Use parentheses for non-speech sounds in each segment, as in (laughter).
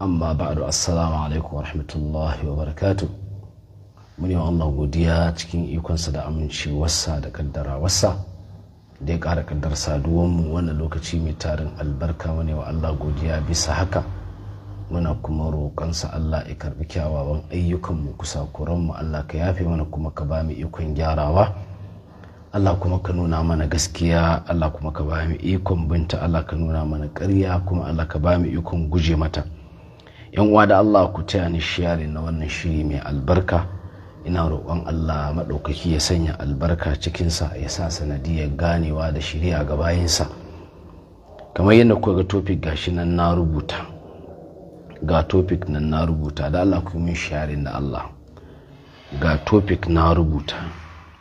amma ba'du assalamu alaikum wa rahmatullahi wa barakatu mun Allah godiya cikin ikonsa da amincewarsa da kaddarawarsa da ya ƙara kaddar mu wannan lokaci mai tarin albarka ne wa Allah godiya bisa haka muna kuma roƙonsa Allah ya karɓi kyawawan ayyukanmu kusa kuranmu Allah ka yafe mana kuma ka ba mu ikon gyarawa Allah kuma ka nuna mana gaskiya Allah kuma ka ba mu ikon binta Allah ka nuna mana ƙarya kuma Allah ka ba mu ikon guje mata yan uwa da Allah ku taya ni share na wannan shiri mai albarka ina roƙon Allah maɗaukaki ya sanya albarka cikinsa ya sa sanadiyar ganewa da shirya ga bayansa kamar yadda kuka ga topic gashi nan na rubuta ga topic nan na rubuta da Allah ku min share da Allah ga topic na rubuta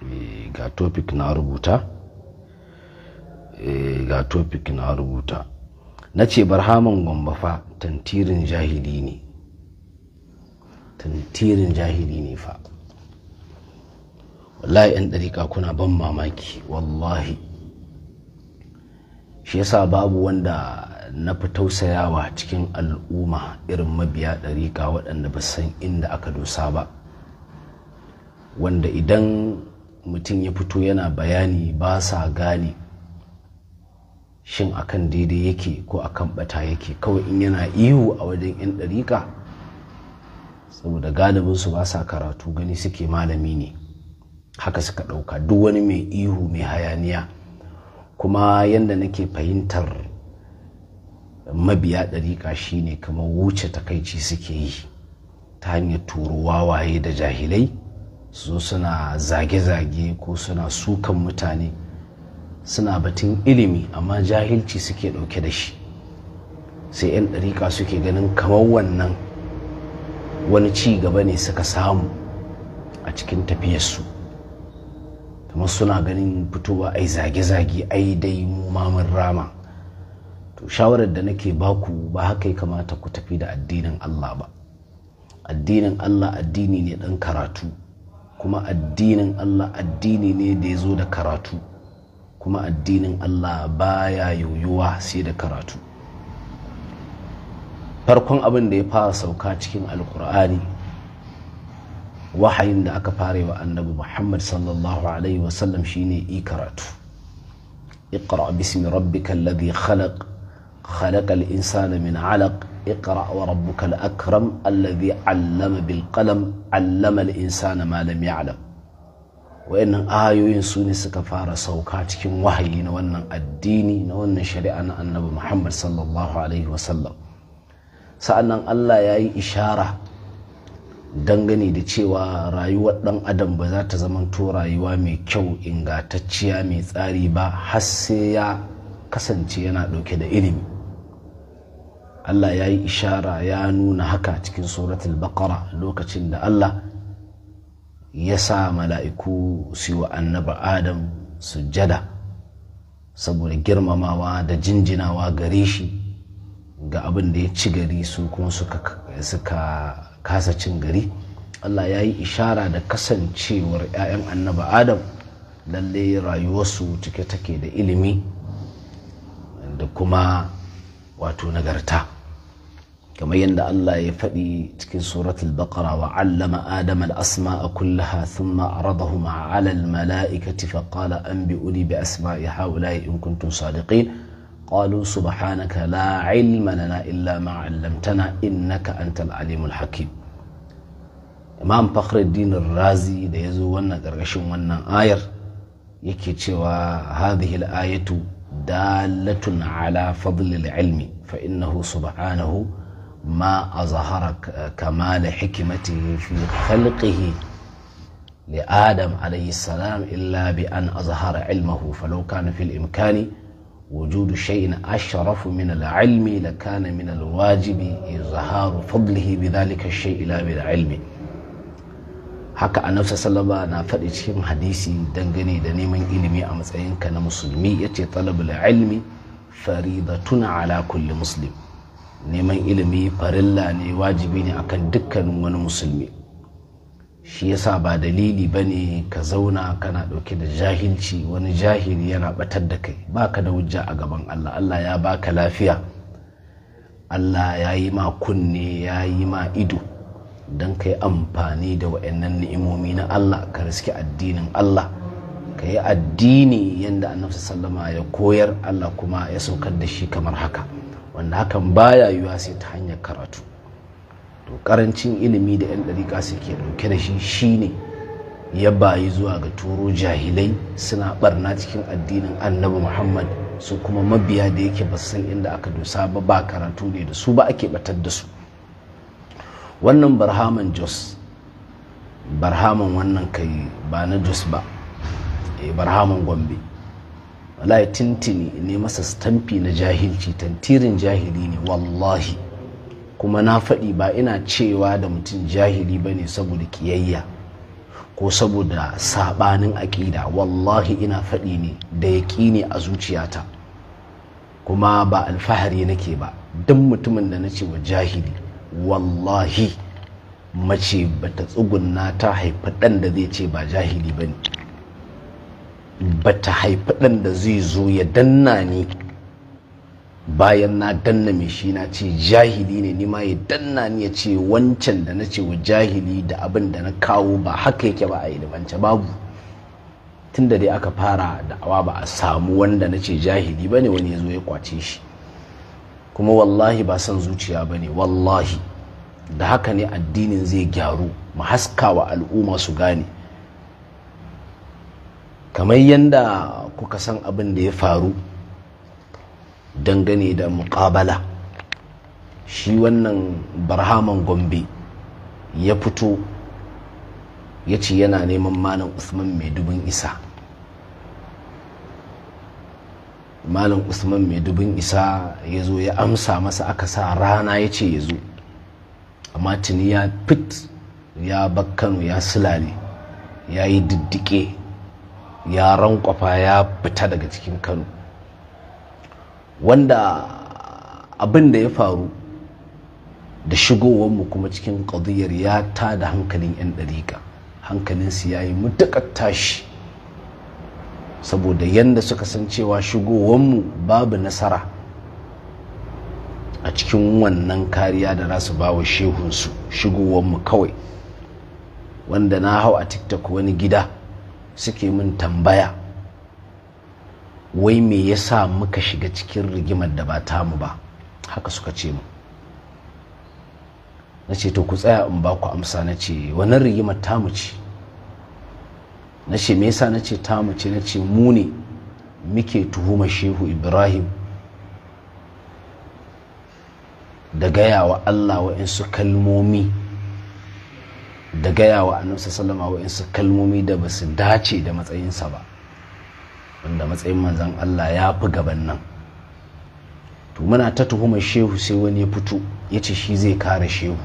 eh, ga topic na rubuta eh, ga topic na rubuta na ce barhaman gwamba fa tantirin jahili ne tantirin jahili ne fa wallahi 'yan ɗariƙa kuna ban mamaki wallahi shi yasa babu wanda na fi tausayawa cikin al'umma irin mabiya ɗariƙa waɗanda ba san inda aka dosa ba wanda idan mutum ya fito yana bayani ba sa gane shin akan daidai yake ko akan bata yake kawai in yana ihu a wajen 'yan ɗarika saboda galibinsu ba sa karatu gani suke malami ne haka suka ɗauka duk wani mai ihu mai hayaniya kuma yadda nake fahimtar mabiya ɗariƙa shine kamar wuce takaici suke yi ta hanyar turu wawaye da jahilai su suna zage-zage ko suna sukan mutane suna batun ilimi amma jahilci suke ɗauke da shi sai 'yan ɗariƙa suke ganin kamar wannan wani ci gaba ne suka samu a cikin tafiyarsu kamar suna ganin fitowa ai zage-zage ai dai mu mamun rama to shawarar da nake baku ba haka ya kamata ku tafi da addinin Allah ba addinin Allah addini ne ɗan karatu kuma addinin Allah addini ne da ya zo da karatu kuma addinin Allah baya yoyuwa sai da karatu farkon abin da ya fara sauka cikin alkur'ani wahayin da aka fara wa annabi muhammad sallallahu alaihi wasallam shine i karatu اقرأ باسم ربك الذي خلق خلق الإنسان من علق اقرأ وربك الأكرم الذي علم بالقلم علم الإنسان ما لم يعلم wa'annan ayoyin su ne suka fara sauka cikin wahayi na wannan addini na wannan shari'a na annabi muhammad sallallahu alaihi wasallam sa'annan allah ya yi ishara dangane da cewa rayuwar dan adam ba za ta zama to rayuwa mai kyau ingantacciya mai tsari ba har sai ya kasance yana ɗauke da ilimi allah ya yi ishara ya nuna haka cikin suratul baqara lokacin da allah ya sa mala'iku su wa annaba adam sujada saboda girmamawa da jinjinawa gare shi ga abin da ya ci gari su kuma suka kasa cin gari allah ya yi ishara da kasancewar 'ya'yan annaba adam lalle rayuwarsu cike take da ilimi da kuma wato nagarta kamar yadda Allah ya faɗi cikin suratul baqara wa 'allama adama al-asma'a kullaha thumma 'aradahum 'ala al-mala'ikati fa qala anbi'uni bi asma'i haula'i in kuntum sadiqin qalu subhanaka la 'ilma lana illa ma 'allamtana innaka antal alimul hakim Imam Fakhruddin Razi da yazo wannan gargashin wannan ayar yake cewa hadhihi al-ayatu dalatun ala fadli al-ilmi fa innahu subhanahu ما أظهر كمال حكمته في خلقه لآدم عليه السلام إلا بأن أظهر علمه فلو كان في الإمكان وجود شيء أشرف من العلم لكان من الواجب إظهار فضله بذلك الشيء لا بالعلم haka a nafsa salama na faɗi cikin hadisi dangane da neman ilimi a matsayinka na musulmi ya ce talabul ilmi faridatun ala kulli muslim neman ilimi farilla ne wajibi ne akan dukkan wani musulmi shi yasa ba dalili ba ne ka zauna kana ɗauke da jahilci wani jahili yana batar da kai ba ka da hujja a gaban allah allah ya baka lafiya allah ya yi ma kunne ya yi ma ido don ka yi amfani da wa'annan ni'imomi na allah ka riski addinin allah ka yi addini yadda annabta sallama ya koyar allah kuma ya saukar da shi kamar haka wanda hakan baya yiwuwa sai ta hanyar karatu to karancin ilimi da 'yan ɗariƙa suke ɗauke da shi shi ne ya bayi zuwa ga turo jahilai suna barna cikin addinin annabi muhammad su kuma mabiya da yake ba san inda aka dusa ba ba karatu ne da su ba ake batar da su wannan barhaman jos barhaman wannan kai ba na jos ba eh, barhaman gombe wallahi tintini ne masa stamfi na jahilci tantirin jahili ne wallahi kuma na faɗi ba ina cewa da mutum jahili ba ne saboda kiyayya ko saboda saɓanin aƙida wallahi ina faɗi ne da ne a zuciyata kuma ba alfahari nake ba duk mutumin da na ce wa jahili wallahi mace bata tsugunna ta haifi ɗan da zai ce ba jahili ba ne bata haifi ɗan da zai zo ya danna ni bayan na danna mai shi na ce jahili ne nima ya danna ni ya ce wancan da na ce wa jahili da abin da na kawo ba haka yake ba a ilimance babu tunda dai aka fara da'awa ba a samu wanda na ce jahili ba ne wani ya zo ya kwace shi kuma wallahi ba son zuciya ba ne wallahi da haka ne addinin zai gyaru mu haskawa al'umma su gane kamar yadda kuka san abin da ya faru dangane da muƙabala shi wannan barhaman gombe ya fito ya ce yana neman malam usman mai dubin isa malam usman mai dubin isa ya zo ya amsa masa aka sa rana ya ce ya zo amma tuni ya fit ya bakkano ya silale ya yi diddike ya rankwafa ya fita daga cikin kano wanda abin da ya faru da shigowarmu kuma cikin ƙadiyar ya ta da hankalin 'yan ɗariƙa hankalinsu ya yi matuƙar tashi saboda yadda suka san cewa shigowarmu babu nasara a cikin wannan kariya da za su ba wa shehunsu shigowarmu kawai wanda na hau a tiktok wani gida suke min tambaya wai me yasa muka shiga cikin rigimar da ba ta mu ba haka suka ce mu na ce to ku tsaya in ba ku amsa na ce wannan rigimar ta mu ce na ce me yasa na ce ta mu ce na ce mu ne muke tuhuma shehu ibrahim da gaya wa Allah wa'insu kalmomi da gaya wa annabi alaihi wasallam kalmomi da basu dace da matsayinsa ba wanda matsayin manzon Allah ya fi gaban nan to muna ta tuhumar shehu sai wani ya fito ya ce shi zai kare shehu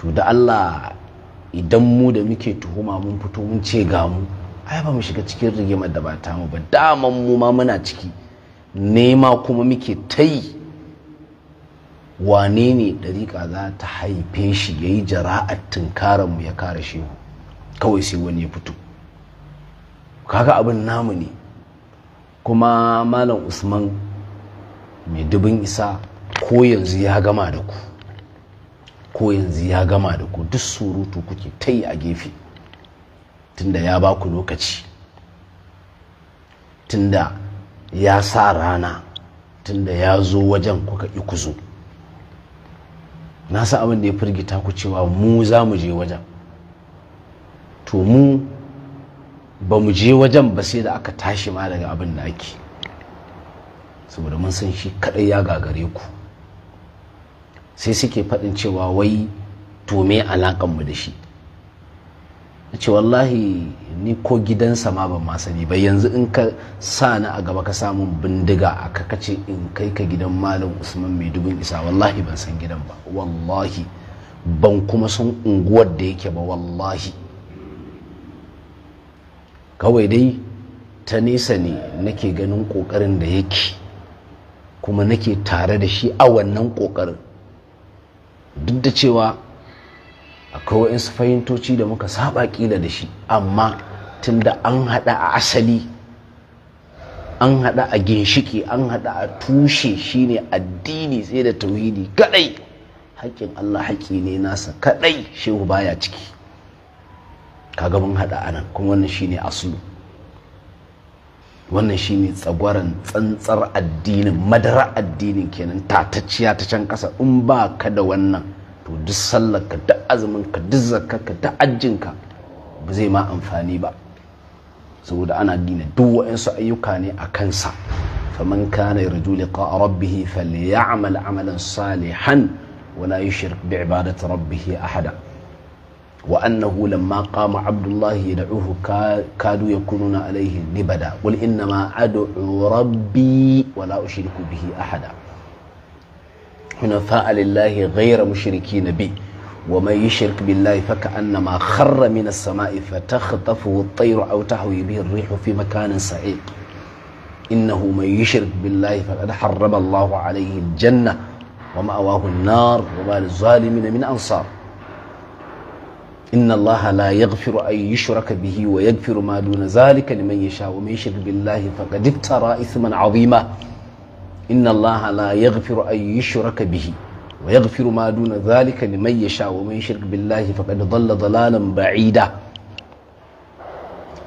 to da Allah idan mu da muke tuhuma mun fito mun ce ga mu ai ba mu shiga cikin rigimar da ba ta mu ba daman mu ma muna ciki nema kuma muke ta yi wane ne ɗariƙa za ta haife shi ya yi jara'ar mu ya kare shehu kawai sai wani ya fito kaga abin namu ne kuma malam usman mai dubin isa ko yanzu ya gama da ku ko yanzu ya gama da ku duk surutu kuke ta yi a gefe tunda ya ba ku lokaci tunda ya sa rana tunda ya zo wajen kuka ƙi ku na abin da ya firgita ku cewa mu za mu je wajen to mu ba mu je wajen ba sai da aka tashi ma daga abin da ake saboda mun san shi kadai ya gagare ku sai suke faɗin cewa wai to me mu da shi na ce wallahi ni ko gidansa ma ban ma sani ba yanzu in ka sa ni a gaba ka samun bindiga a ka kace in kai ka gidan malam usman mai dubin isa wallahi ban san gidan ba wallahi ban kuma san unguwar da yake ba wallahi kawai dai ta nesa ne nake ganin ƙoƙarin da yake kuma nake tare da shi a wannan ƙoƙarin duk da cewa akwai waɗansu fahimtoci da muka saba ƙila da shi amma tunda an haɗa a asali an haɗa a ginshiki an haɗa a tushe shine addini sai da tauhidi kadai haƙƙin Allah haƙƙi ne nasa kadai shehu baya ciki kaga mun hada anan kuma wannan shine asulu wannan shine tsagwaran tsantsar addinin madara addinin kenan tatacciya ta can kasa in ba ka da wannan to duk sallar ka duk azumin ka duk zakka ka duk ka, ba zai ma amfani ba saboda ana dina duk waɗansu ayyuka ne a kansa faman kana yarju liqa rabbihi falyamal amalan salihan wala yushrik bi ibadati rabbihi ahada wa annahu lamma qama abdullah yad'uhu kadu yakununa alayhi libada qul inna ma ad'u rabbi wala ushriku bihi ahada hunafa lillahi ghayra na bihi ومن يشرك بالله فكأنما خر من السماء فتخطفه الطير أو تهوي به الريح في مكان سعيق إنه من يشرك بالله فقد حرم الله عليه الجنة ومأواه النار وما للظالمين من أنصار إن الله لا يغفر أن يشرك به ويغفر ما دون ذلك لمن يشاء ومن يشرك بالله فقد افترى إثما عظيما إن الله لا يغفر أن يشرك به ويغفر ما دون ذلك لمن يشاء ومن يشرك بالله فقد ضل ضلالا بعيدا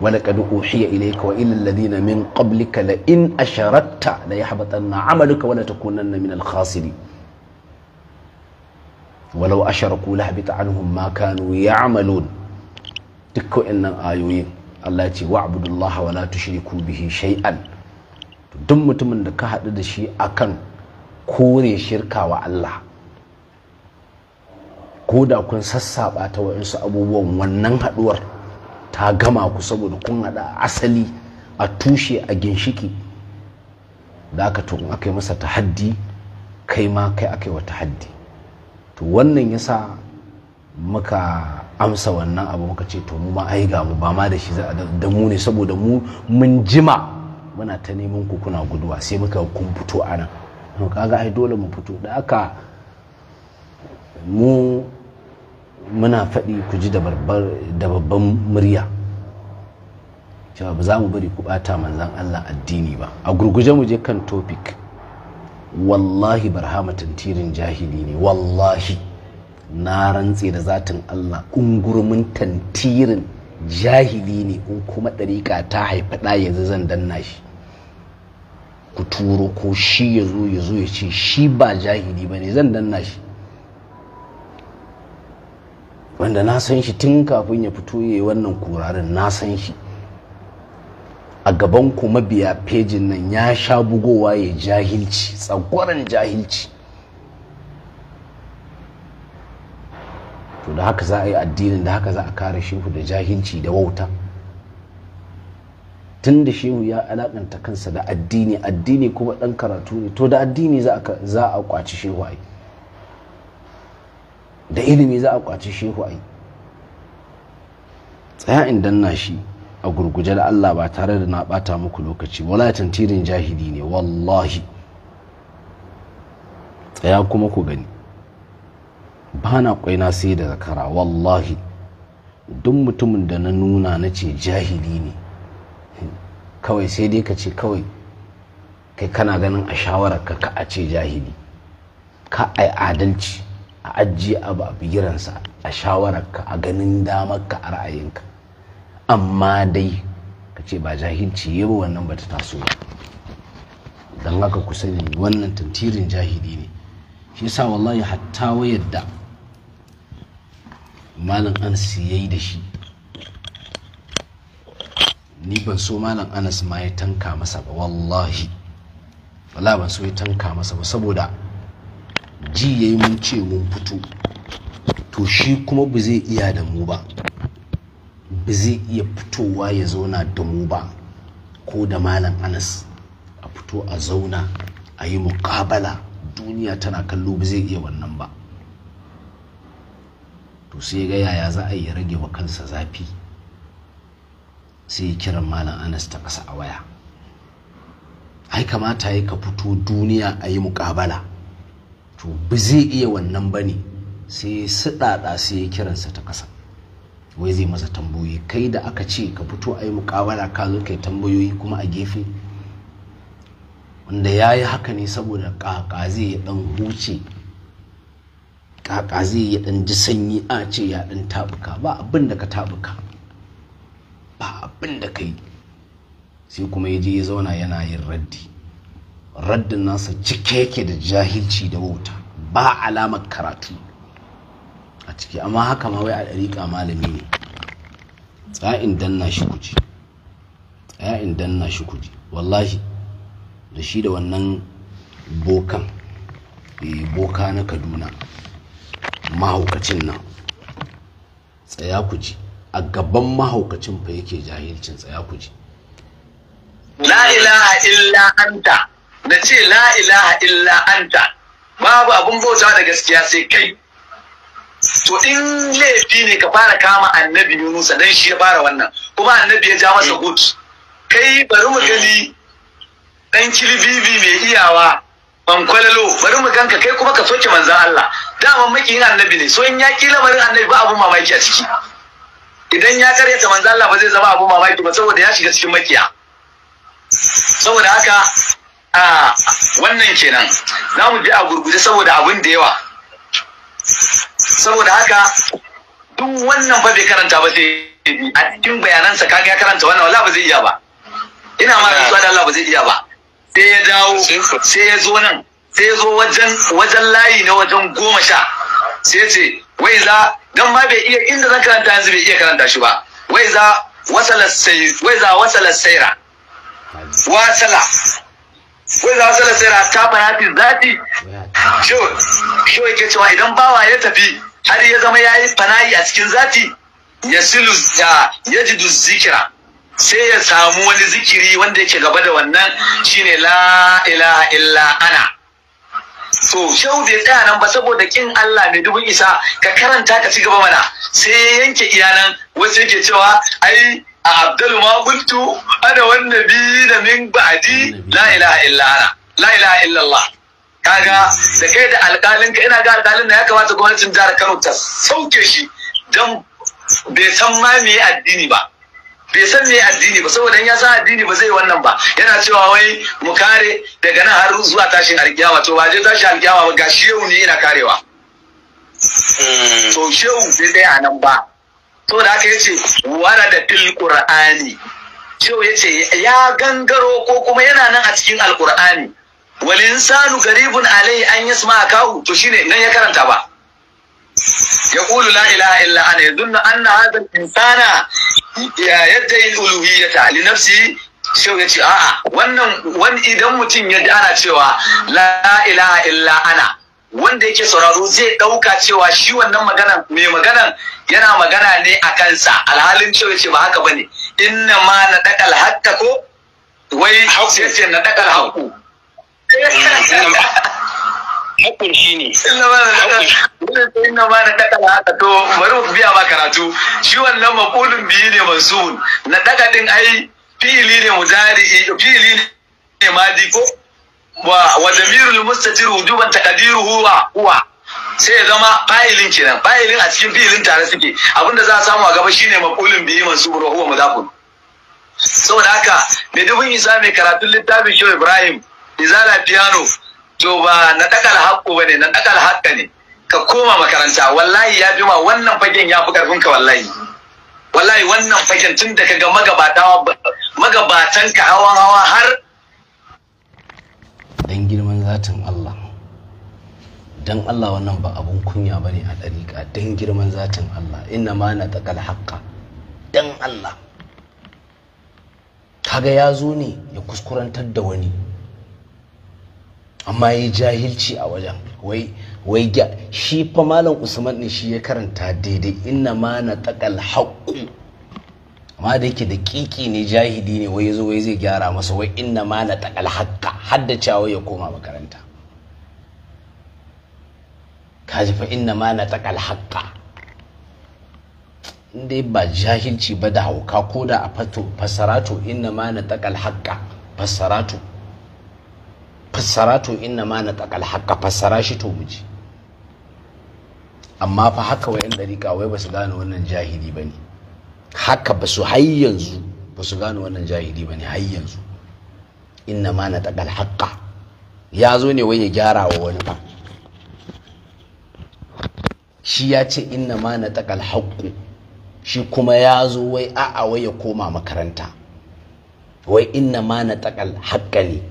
ولقد أوحي إليك وإلى الذين من قبلك لئن أشركت ليحبطن عملك ولتكونن من الخاسرين ولو أشركوا لهبط عنهم ما كانوا يعملون تكو إن آيوين الله يتي واعبدوا الله ولا تشركوا به شيئا دم متمن دكا حدد شيء أكن kore shirka wa Allah ko da kun sassaɓa ta waɗansu abubuwan wannan haɗuwar ta gama ku saboda kun haɗa asali a tushe a ginshiki da aka to aka yi masa tahaddi kai ma kai aka yi wa tahaddi to wannan yasa muka amsa wannan abu muka ce to mu ma ai ga mu ba ma da shi da mu ne saboda mu mun jima muna ta neman ku kuna guduwa sai muka kun fito anan nan kaga ai dole mu fito da aka mu muna faɗi ku ji da babban murya cewa ba za mu bari ku ɓata manzan Allah addini ba a gurguje mu je kan topic wallahi barhamatan tirin jahili ne wallahi na rantse da zatin Allah ungurumin tantirin jahili ne in kuma ɗariƙa ta haifa ɗa yanzu zan danna shi ku turo ko shi ya zo ya zo ya ce shi ba jahili ba ne zan danna shi wanda na san shi tun kafin ya fito ya yi wannan kurarin na san shi a gaban ku mabiya fejin nan ya sha bugowa ya jahilci tsagwaron jahilci to da haka za a yi addinin da haka za a kare shehu da jahilci da wauta tun da shehu ya alakanta kansa da addini addini kuma dan karatu ne to da addini za a kwaci shehu ai da ilimi za a kwaci shehu ai tsaya in na shi a gurguje da Allah ba tare da na bata muku lokaci wala tantirin jahili ne wallahi tsaya kuma ku gani ba na kwaina sai da zakara wallahi duk mutumin da na nuna na ce jahili ne kawai sai dai ka ce kawai kai kana ganin a shawarar ka ka a ce jahili ka ai adalci a ajiye abu a bigiransa a shawararka a ganin damar ka a ra'ayinka amma dai ka ce ba jahilci ya ba wannan bata taso ba don haka ku sani wannan tantirin jahili ne shi sa wallahi hatta wayar da malam anas ya yi da shi ni ban so malam anas ma ya tanka masa ba wallahi wala ban so ya tanka masa ba saboda ji ya yi mun ce mun fito to shi kuma ba zai iya da mu ba ba zai iya fitowa ya zauna da mu ba ko da malam anas a fito a zauna a yi muƙabala duniya tana kallo ba zai iya wannan ba to sai ga yaya za a yi rage wa kansa zafi sai kira malam anas ta ƙasa a waya ai kamata ya ka fito duniya a yi muƙabala to ba zai iya wannan ba ne sai suɗaɗa sai ya kiransa ta ƙasa wai zai masa tambayoyi kai da aka ce ka fito a yi mukawara ka zo kai tambayoyi kuma a gefe wanda ya yi haka ne saboda ƙaƙa zai ya ɗan huce ƙaƙa zai ya ɗan ji sanyi a ce ya ɗan taɓuka ba abin da ka taɓuka ba abin da ka yi sai kuma ya je ya zauna yana yin raddi raddin nasa cike yake da jahilci da wauta ba alamar karatu a ciki amma haka ma wai a ɗariƙa malami ne tsa'in danna shi kuji tsa'in danna shi kuji wallahi da shi da wannan bokan eh, boka na kaduna mahaukacin nan tsaya kuji a gaban mahaukacin fa yake jahilcin tsaya kuji la ilaha illa anta na ce la ilaha illa anta babu abun bauta da gaskiya sai kai to in laifi ne ka fara kama annabi yunusa dan shi ya fara wannan kuma annabi ya ja masa mm. gut kai bari mu gani dan kilbibi mai iyawa ban kwalalo bari mu ganka kai kuma ka soke manzon Allah maki yin annabi ne so in ya kila lamarin annabi ba abun mamaki a ciki idan ya karyata manzon Allah ba zai zama abun mamaki ba saboda ya shiga cikin makiya saboda haka a wannan kenan za mu je a gurguje saboda abin da yawa saboda haka duk wannan ba bai karanta ba sai a cikin bayanansa kaga ya karanta wannan wala ba zai iya ba ina ma rantsuwa da Allah ba zai iya ba sai ya dawo sai ya zo nan sai ya zo wajen wajen layi na wajen goma sha sai ya ce wai za dan ma bai iya inda zan karanta yanzu bai iya karanta shi ba wai za wasala sai wai za wasala saira wasala wai za su sai rata bayatin zafi sho yake cewa idan bawa ya tafi har ya zama ya yi fana'i a cikin zati. ya silu ya ji zikira sai ya samu wani zikiri wanda yake gaba da wannan shine la ilaha illa ana so shau bai tsaya nan ba saboda kin Allah mai dubin isa ka karanta ka ci gaba mana sai yanke iyanan wasu yake cewa ai a abdul ma ana ana wan da min ba'di la ilaha illa ana la ilaha illa kaga da kai da alƙalin ka ina ga alƙalin na ya kamata gwamnatin jihar Kano ta sauke shi dan bai san ma me addini ba bai san me addini ba saboda ya san addini ba zai wannan ba yana cewa wai mu kare daga nan har zuwa tashin alkiyama to ba je tashin alkiyama ba ga shehu ne ina karewa mm. to shehu bai a nan ba to da aka yace warada fil qur'ani shehu yace ya gangaro ko kuma yana nan a cikin alqur'ani wal insanu garibun alai an yasma kahu to shine nan ya karanta ba yaqulu la ilaha illa ana yadunna anna hadha al insana ya yadda uluhiyata li nafsi ya yace a'a wannan wani idan mutum ya ana cewa la ilaha illa ana wanda yake sauraro zai ɗauka cewa shi wannan maganan mai maganan yana magana ne a kansa alhalin cewa ce ba haka bane inna ma na dakal hatta ko wai sai na dakal hakku hakun shi ne inna ma na dakal haka to bari ku biya ma karatu shi wannan maqulun biyu ne mansubun na daga ɗin ai fi'ili ne mujari fi'ili ne madi ko wa wa damirul mustatir wujuban taqdiruhu huwa huwa sai ya zama fa'ilin kenan fa'ilin a cikin filin tare suke abinda za a samu a gaba shine maqulun biyu mansubun wa huwa mudafun saboda haka mai dubin isa mai karatun littafin shehu ibrahim izala piano to ba na dakal haƙo bane na dakal haƙa ne ka koma makaranta wallahi ya fi ma wannan fagen ya fi ƙarfin ka wallahi wallahi wannan fagen tun da ka ga magabatan ka hawan hawa har Dan girman zatin Allah dan Allah wannan ba abun kunya ba ne a ɗariƙa Dan girman zatin Allah ina ma na taqal haƙƙa Dan Allah kaga ya zo ne ya kuskurantar da wani amma ya jahilci a wajen wai wai shi fa malam usman ne shi ya karanta daidai ina ma na taqal haƙƙu amma da yake da kiki ne jahidi ne wai zo wai zai gyara masa wai inna ma na takal hakka haddacawa ya koma makaranta ka ji fa inna ma na takal hakka inda ba jahilci ba da hauka ko da a fato fassarato inna ma na takal hakka fassarato fassarato inna ma na takal hakka fassara shi to muji amma fa haka wayan dariƙa wai ba su gane wannan jahili ba ne haka ba su har yanzu ba su gane wannan jahili ba ne har yanzu inna ma na taƙal haƙƙa ya zo ne wai ya gyara wa wani ba shi ya ce inna ma na taƙal haƙƙu shi kuma ya zo wai a'a wai ya koma makaranta wai inna ma na taƙal haƙƙa ne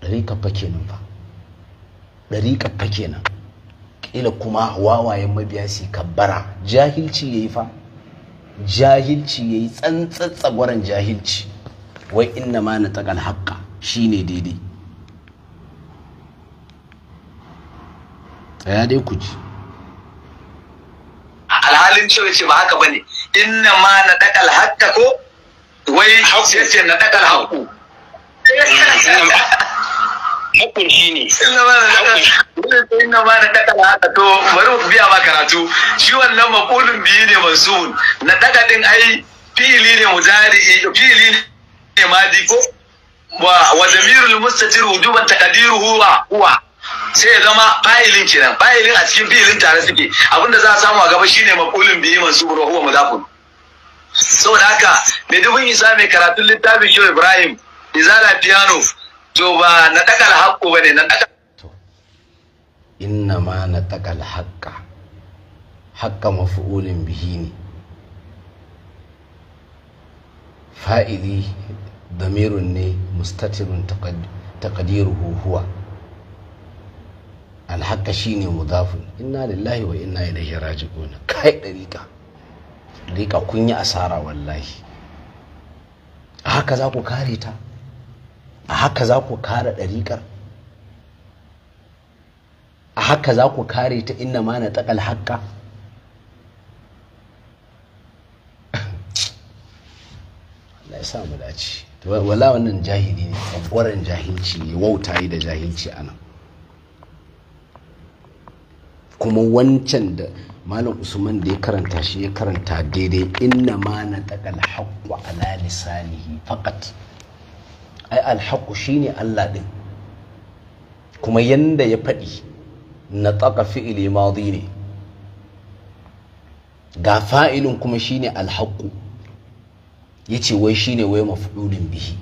ɗari kafa kenan fa ɗari kafa kenan kila kuma wawayen mabiya su kabbara jahilci yayi fa jahilci yayi gwaran jahilci wai inna ma na taƙal haƙƙa ne daidai tsaya dai ku ji alhalin cewa ce ba haka ne inna ma na dakal hakka ko wai sai ce na dakal hakku shi ne inna ma na daga haka to bari mu biya ma karatu shi wannan makulun biyu ne mansubun na daga din ai fi'ili ne mujari fi'ili ne madi ko wa wa damirul mustatir wujuban taqdiruhu wa huwa sai ya zama fa'ilin kenan fa'ilin a cikin fi'ilin tare suke abinda za a samu a gaba shine maqulun biyu mansubun wa huwa mudafun saboda haka mai dubin isa mai karatun littafin shehu ibrahim izala piano to ba na takal haqqo bane na takal to inna ma na takal haƙƙa, haƙƙa mafuulin bihi ne fa'ili damirun ne mustatirun taqdiruhu huwa alhaqqa shine mudafun inna lillahi wa inna ilaihi raji'un kai dariqa dariqa kun yi asara wallahi haka za ku kare ta a haka za ku kare ɗariƙar a haka za ku kare ta inna ma na taƙal haƙƙa Allah ya sa mu dace wala wannan jahili ne tsakwaran jahilci ne wauta yi da jahilci a nan kuma wancan da malam usman da ya karanta shi ya karanta daidai inna ma na taƙal haƙƙa ala lisanihi faƙat ai alhaku shine Allah din kuma yanda ya faɗi na tsaka fi'ili madi ne ga fa'ilin kuma shine alhaku yace wai shine wai mafudulin bihi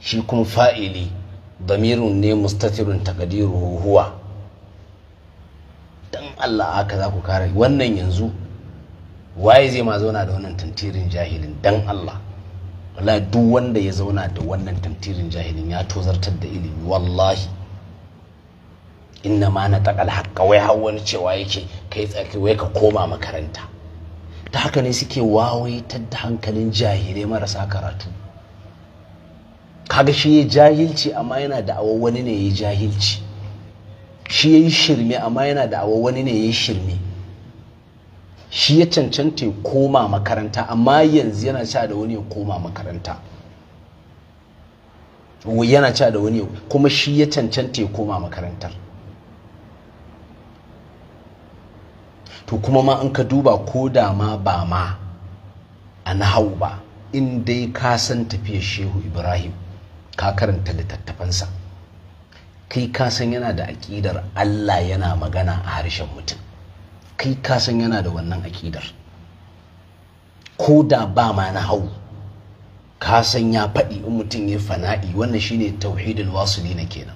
shi kuma fa'ili damirun ne mustatirun takadiruhu huwa dan Allah aka za ku kare wannan yanzu waye zai ma zauna da wannan tantirin jahilin dan Allah wallahi duk wanda ya zauna da wannan tantirin jahilin ya tozartar da ilimi wallahi inna ma na takal haƙƙa wai har wani cewa yake kai tsaki wai ka koma makaranta ta haka ne suke wawaitar da hankalin jahilai marasa karatu kaga shi ya jahilci amma yana da wani ne ya jahilci shi ya yi shirme amma yana da awa wani ne ya yi shirme shi ya cancanta ya koma makaranta amma yanzu yana sha da wani ya koma makaranta yana sha da wani kuma shi ya cancanta ya koma makarantar to kuma ma in ka duba ko da ma ba ma a nahau ba in dai ka san tafiyar shehu ibrahim ka karanta littattafansa kai ka san yana da aƙidar allah yana magana a harshen mutum kai kasan yana da wannan akidar ko da ba ma na hau kasan ya faɗi in mutum ya fana'i wannan shine tauhidul wasuli na kenan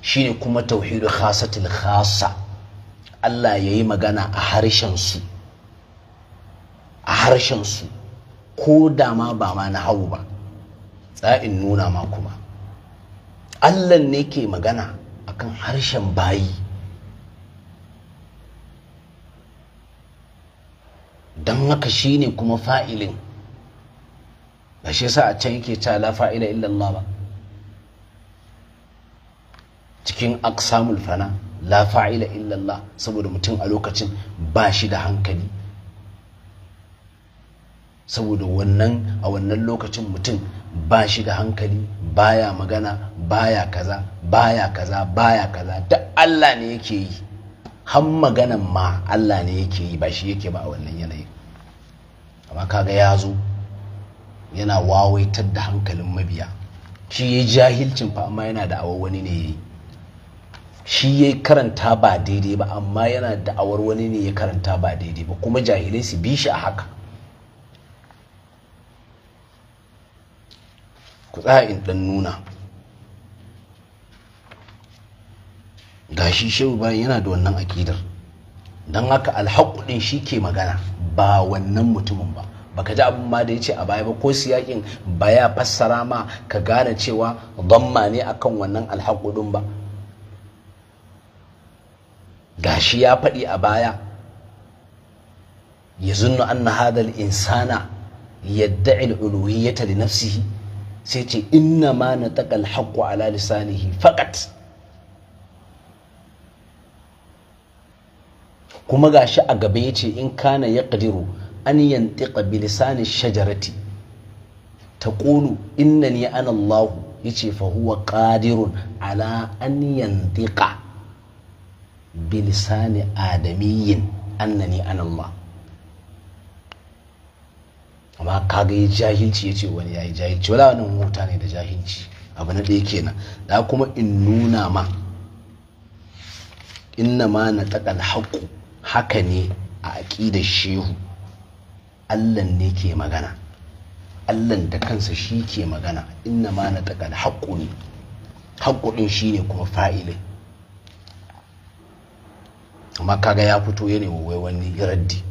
shine kuma tauhidul khasatul khasa Allah ya yi magana a harshen su a harshen su ko da ma ba ma na hau ba in nuna ma kuma Allah ne ke magana akan harshen bayi don haka shi ne kuma fa'ilin ba shi sa a can yake ta la fa'ila illallah ba cikin aksamul fana la fa'ila illallah saboda mutum a lokacin ba shi da hankali saboda wannan a wannan lokacin mutum ba shi da hankali baya magana baya kaza baya kaza baya kaza da Allah ne yake yi har maganan ma Allah ne yake yi ba shi yake ba a wannan yanayi amma kaga ya zo yana wawaitar da hankalin mabiya shi ya jahilcin fa amma yana da wani ne yi, shi ya karanta ba daidai ba amma yana da awar wani ne ya karanta ba daidai ba kuma jahilai su bi shi a haka ku tsaya in dan nuna gashi shehu bayan yana da wannan akidar don haka alhaƙu ɗin shi ke magana ba wannan mutumin ba baka ji abin ma da ya ce a baya ba ko siyakin ba ya fassara ma ka gane cewa gamma ne akan wannan alhaƙu ɗin ba shi ya faɗi a baya ya zunnu na hadal insana yadda'i uluhi ya li nafsihi sai ce inna ma na taƙa alhaƙu ala lisanihi fakat kuma gashi a gaba ya ce in kana yaqdiru an yantiqa Ta lisani shajarati taqulu innani ana Allah yace fa huwa qadirun ala an yantiqa bi lisani adamiyyin ni an Allah amma kaga ya jahilci ya ce wani ya yi jahilci wala wani mota ne da jahilci abu na ɗaya kenan da kuma in nuna ma inna ma na taƙal haƙƙu haka ne a aƙidar shehu allan ne ke magana allan da kansa shi ke magana inna ma na taƙal haƙƙu ne haƙƙuɗin shi ne kuma fa'ilin amma kaga ya fito ya nemi wani raddi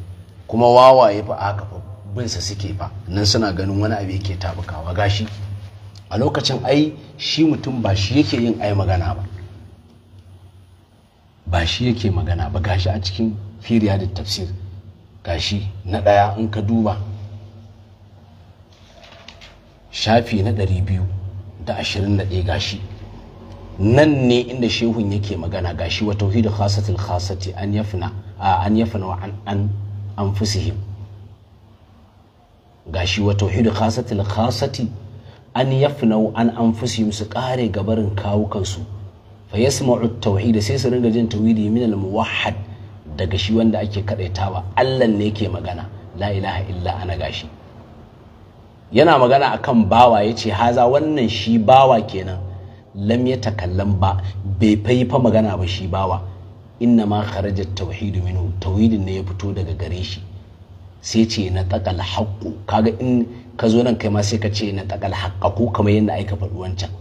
kuma wawaye fa aka fa binsa suke fa nan suna ganin wani abu yake tabukawa gashi a lokacin ai shi mutum ba shi yake yin ai magana ba ba shi yake magana ba gashi a cikin firiya da tafsir gashi na ɗaya in ka duba shafi na ɗari biyu da ashirin da ɗaya gashi nan ne inda shehun yake magana gashi wa tauhidu khasatil khasati an yafna an yafna wa an an Ga gashi wa hudu khasatil khasati an yafna an anfusihim su kare gabarin kawukansu fa yasma'u tauhid sai su ringa jin tauhidi min al-muwahhad daga shi wanda ake kadaitawa Allah ne yake magana la ilaha illa ana gashi yana magana akan bawa yace haza wannan shi bawa kenan lam ya takallam ba bai fai fa magana ba shi bawa inna ma kharaja tauhidu minhu tauhidin ne ya fito daga gare shi sai ce na takal haqqu kaga in ka zo nan kai ma sai ka ce na takal haqqa ko kamar yadda aika faɗi wancan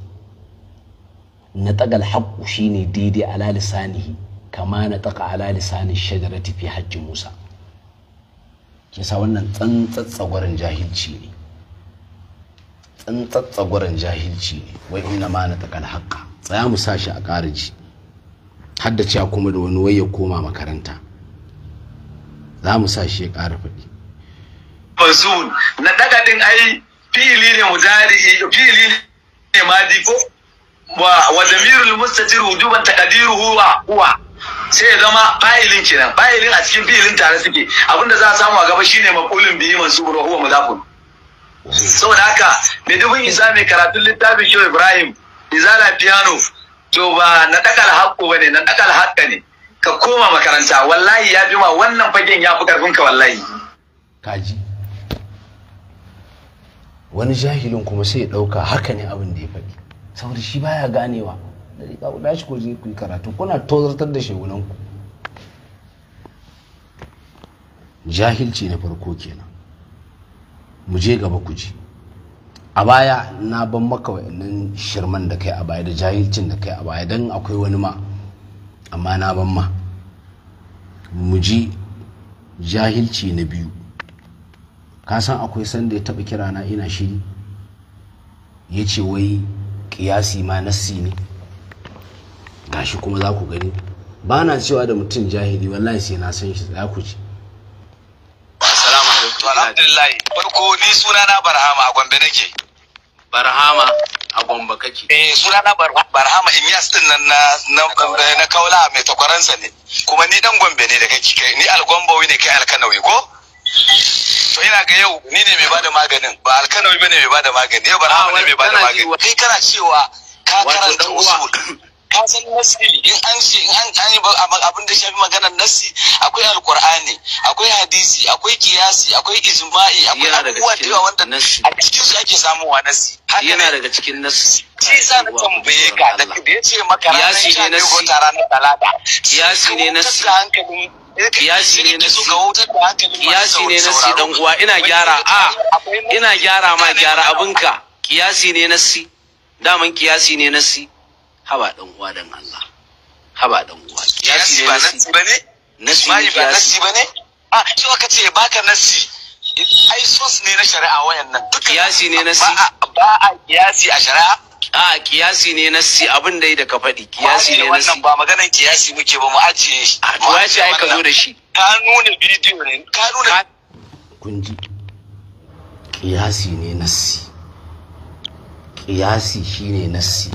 na tagal shi ne daidai ala lisanihi kama na taka ala lisanin shajarati fi hajji Musa kisa wannan tsantsatsagwarin jahilci ne tsantsatsagwarin jahilci ne wai ina ma na tagal haƙƙa tsaya mu shi a ƙaraji haddace kuma da wani wai ya koma makaranta za mu sa shi ya ƙara faɗi na daga din ai fi'ili ne mudari fi'ili ne madi ko wa wa damirul mustatir wujuban taqdiruhu wa huwa sai ya zama fa'ilin kenan fa'ilin a cikin fi'ilin tare suke abinda za a samu a gaba shine maqulun bihi mansubun wa huwa mudafun saboda haka mai dubin isa mai karatun littafin shi ibrahim izala piano to ba na dakal haƙƙo ba ne na dakal haƙƙa ne ka koma makaranta wallahi ya bi ma wannan fagen ya fi karfin ka wallahi kaji wani jahilin kuma sai ya ɗauka haka ne abin da saboda shi baya ganewa da riƙa ku dashi ku yi karatu kuna tozartar da shegunanku jahilci na farko kenan mu je gaba ku ji a baya na ban maka wa'annan shirman da kai a baya da jahilcin da kai a baya don akwai wani ma amma na ban ma mu ji jahilci na biyu ka san akwai sanda ya taɓa kirana ina shiri ya ce wai kiyasi ma nassi ne gashi kuma za ku gani ba na cewa da mutum jahili wallahi sai na san shi za ku ci assalamu alaikum alhamdulillah farko ni sunana barhama a gombe nake barhama a gombe kake eh sunana barhama yas din nan na na kaula mai takwaransa ne kuma ni dan gombe ne da kake ni algombo ne kai alkanawi ko to ina ga yau ni ne mai bada maganin ba alkano ba ne mai bada magani yau ba na ne mai bada magani kai kana cewa ka karanta usul ka san nasi in an ce in an an abin da shafi maganar nasi akwai alqur'ani akwai hadisi akwai kiyasi akwai ijma'i akwai abubuwa da yawa wanda a cikin su ake samuwa nasi yana daga cikin nasi shi sa na tambaye ka da ce maka ranar sha ne ko ranar talata kiyasi ne nasi hankalin kiyasi ne na kiyasi ne na si dan uwa ina gyara a ina gyara ma gyara abinka kiyasi ne na si daman kiyasi ne na si haba dan uwa dan Allah haba dan uwa kiyasi ne na si bane nasi ba nasi bane a to aka ce baka nasi ai sos ne na shari'a wayannan kiyasi ne na si ba a kiyasi a shari'a a kiyasi ne na si abin da da ka faɗi kiyasi ne na si ba maganar kiyasi muke ba mu ajiye shi a to ya ai ka zo da shi ka nuna bidiyo ne ka nuna kun ji kiyasi ne na si kiyasi shine na si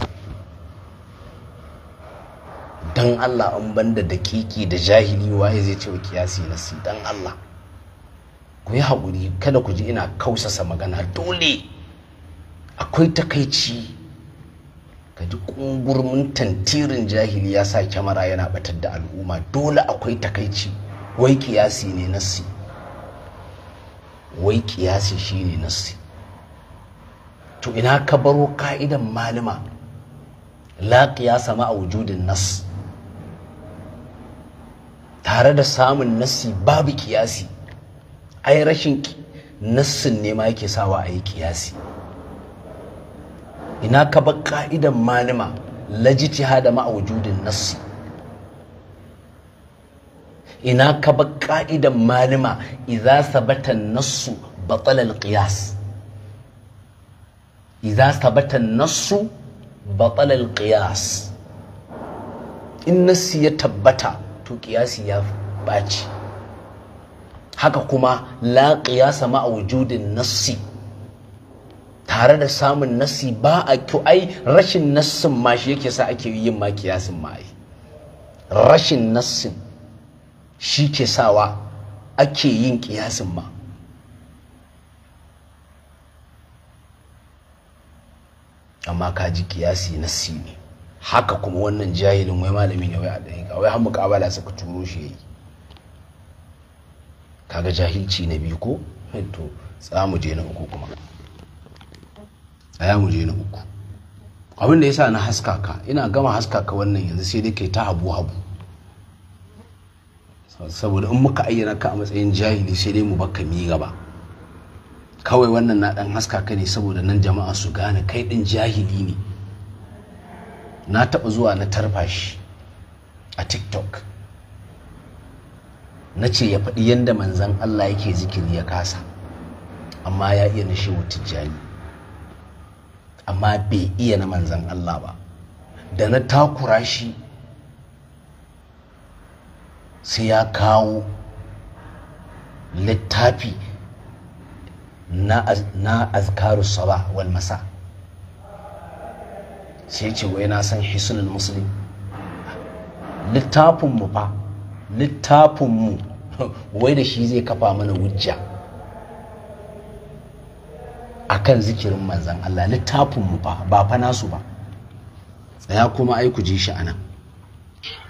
dan Allah an banda kiki da jahili waye zai ce kiyasi na si dan Allah ku yi haƙuri kada ku ji ina kausasa magana dole akwai takaici ka ji ƙungurmin tantirin jahili ya sa kyamara yana batar da al'umma dole akwai takaici wai kiyasi ne nassi wai kiyasi shi ne nassi to ina ka baro ka'idan malama la kiyasa ma a wujudin nas tare da samun nasi babu kiyasi ai rashin nassin ne ma yake sawa a yi kiyasi ina ka bar ka'idan malima ma da ma'aujudin nassi ina ka bar ka'idan malima idza sabata nassu batala alqiyas idza sabata nassu batala alqiyas in nassi ya tabbata to qiyasi ya baci haka kuma la qiyasa a wujudin nassi tare da samun nasi ba a kyau ai rashin nassin ma shi yake sa ake yin ma kiyasin ma ai rashin nassin shi ke sawa ake yin kiyasin ma amma ka ji kiyasi nassi ne haka kuma wannan jahilin wai malami ne wai a ga wai har muƙabala suka turo shi yayi kaga jahilci na biyu ko to za mu je na uku kuma a ya muje na uku abin da yasa na haska ka ina gama haska ka wannan yanzu sai dai kai ta habu habu saboda in muka ayyana ka a matsayin jahili sai dai mu baka mi gaba kawai wannan na dan haska ka ne saboda nan jama'a su gane kai din jahili ne na taɓa zuwa na tarfa shi a tiktok na ce ya faɗi yadda manzan allah yake zikiri ya kasa amma ya iya na shehu tijjani amma bai iya na manzan Allah ba da na takura shi sai ya kawo littafi na azkaru saba wal masa sai ce wai na san hisunan musulun littafinmu fa littafinmu (laughs) wai da shi zai kafa mana wujja. akan zikirin manzan Allah littafin mu fa ba fa nasu ba tsaya kuma ai ku ji shi anan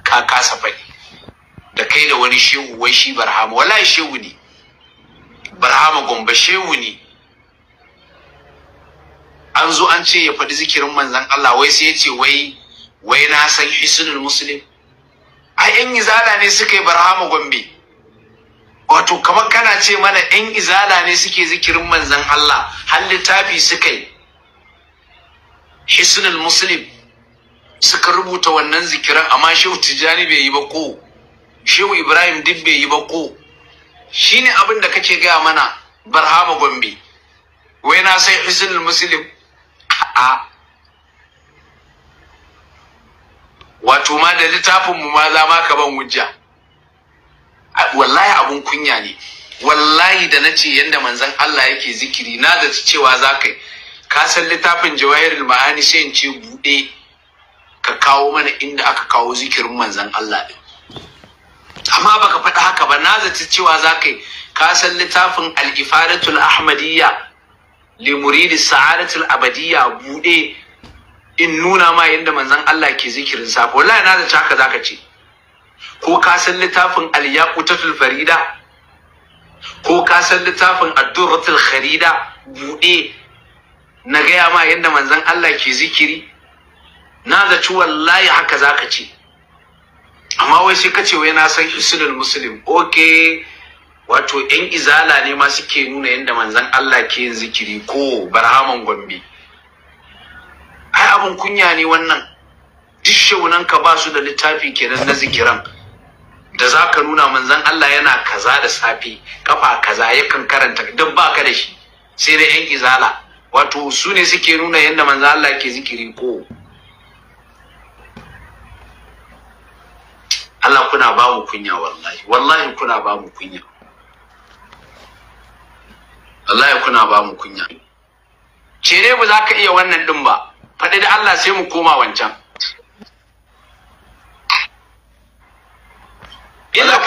ka kasa faɗi da kai da wani shehu wai shi barhama wallahi shehu ne barhama gombe shehu ne an zo an ce ya faɗi zikirin manzan Allah wai sai ya ce wai wai na san hisnul muslim ai yan izala ne suka yi barhama gombe wato kamar kana ce mana yan izala ne suke zikirin manzan Allah har littafi suka yi hisnul muslim suka rubuta wannan zikiran amma shehu tijjani bai yi ba ko shehu ibrahim duk bai yi ba ko shine abin da kake gaya mana barhama gombe wai na sai hisnul muslim a wato ma da littafin mu ma za ma ka ban hujja wallahi abun kunya ne wallahi da nace yadda manzon Allah yake zikiri na da cewa zakai ka san littafin jawahirul ma'ani sai in ce bude ka kawo mana inda aka kawo zikirin manzon Allah din amma baka faɗi haka ba na zata cewa zakai ka san littafin al-ifadatul ahmadiyya li muridi sa'adatul abadiyya bude in nuna ma yanda manzon Allah ke zikirin sa. wallahi na zaci haka zaka ce ko ka san littafin al-yaqutatul farida ko ka san littafin ad-durratul kharida bude na gaya ma yadda manzon Allah ke zikiri na zaci wallahi haka zaka ce amma wai sai kace wai na san usulul muslim okay wato yan izala ne ma suke nuna yadda manzon Allah ke yin zikiri ko barhaman gombe ai abun kunya ne wannan duk shaunanka ba su da littafi kenan na zikiran da za ka nuna manzan Allah yana kaza da safe kafa kaza yakan karanta duk baka da shi sai dai yan izala wato su ne suke nuna yadda manzan Allah ke zikiri ko Allah kuna ba mu kunya wallahi wallahi kuna ba mu kunya wallahi kuna ba mu kunya ce ne ba za ka iya wannan din ba faɗi da Allah sai mu koma wancan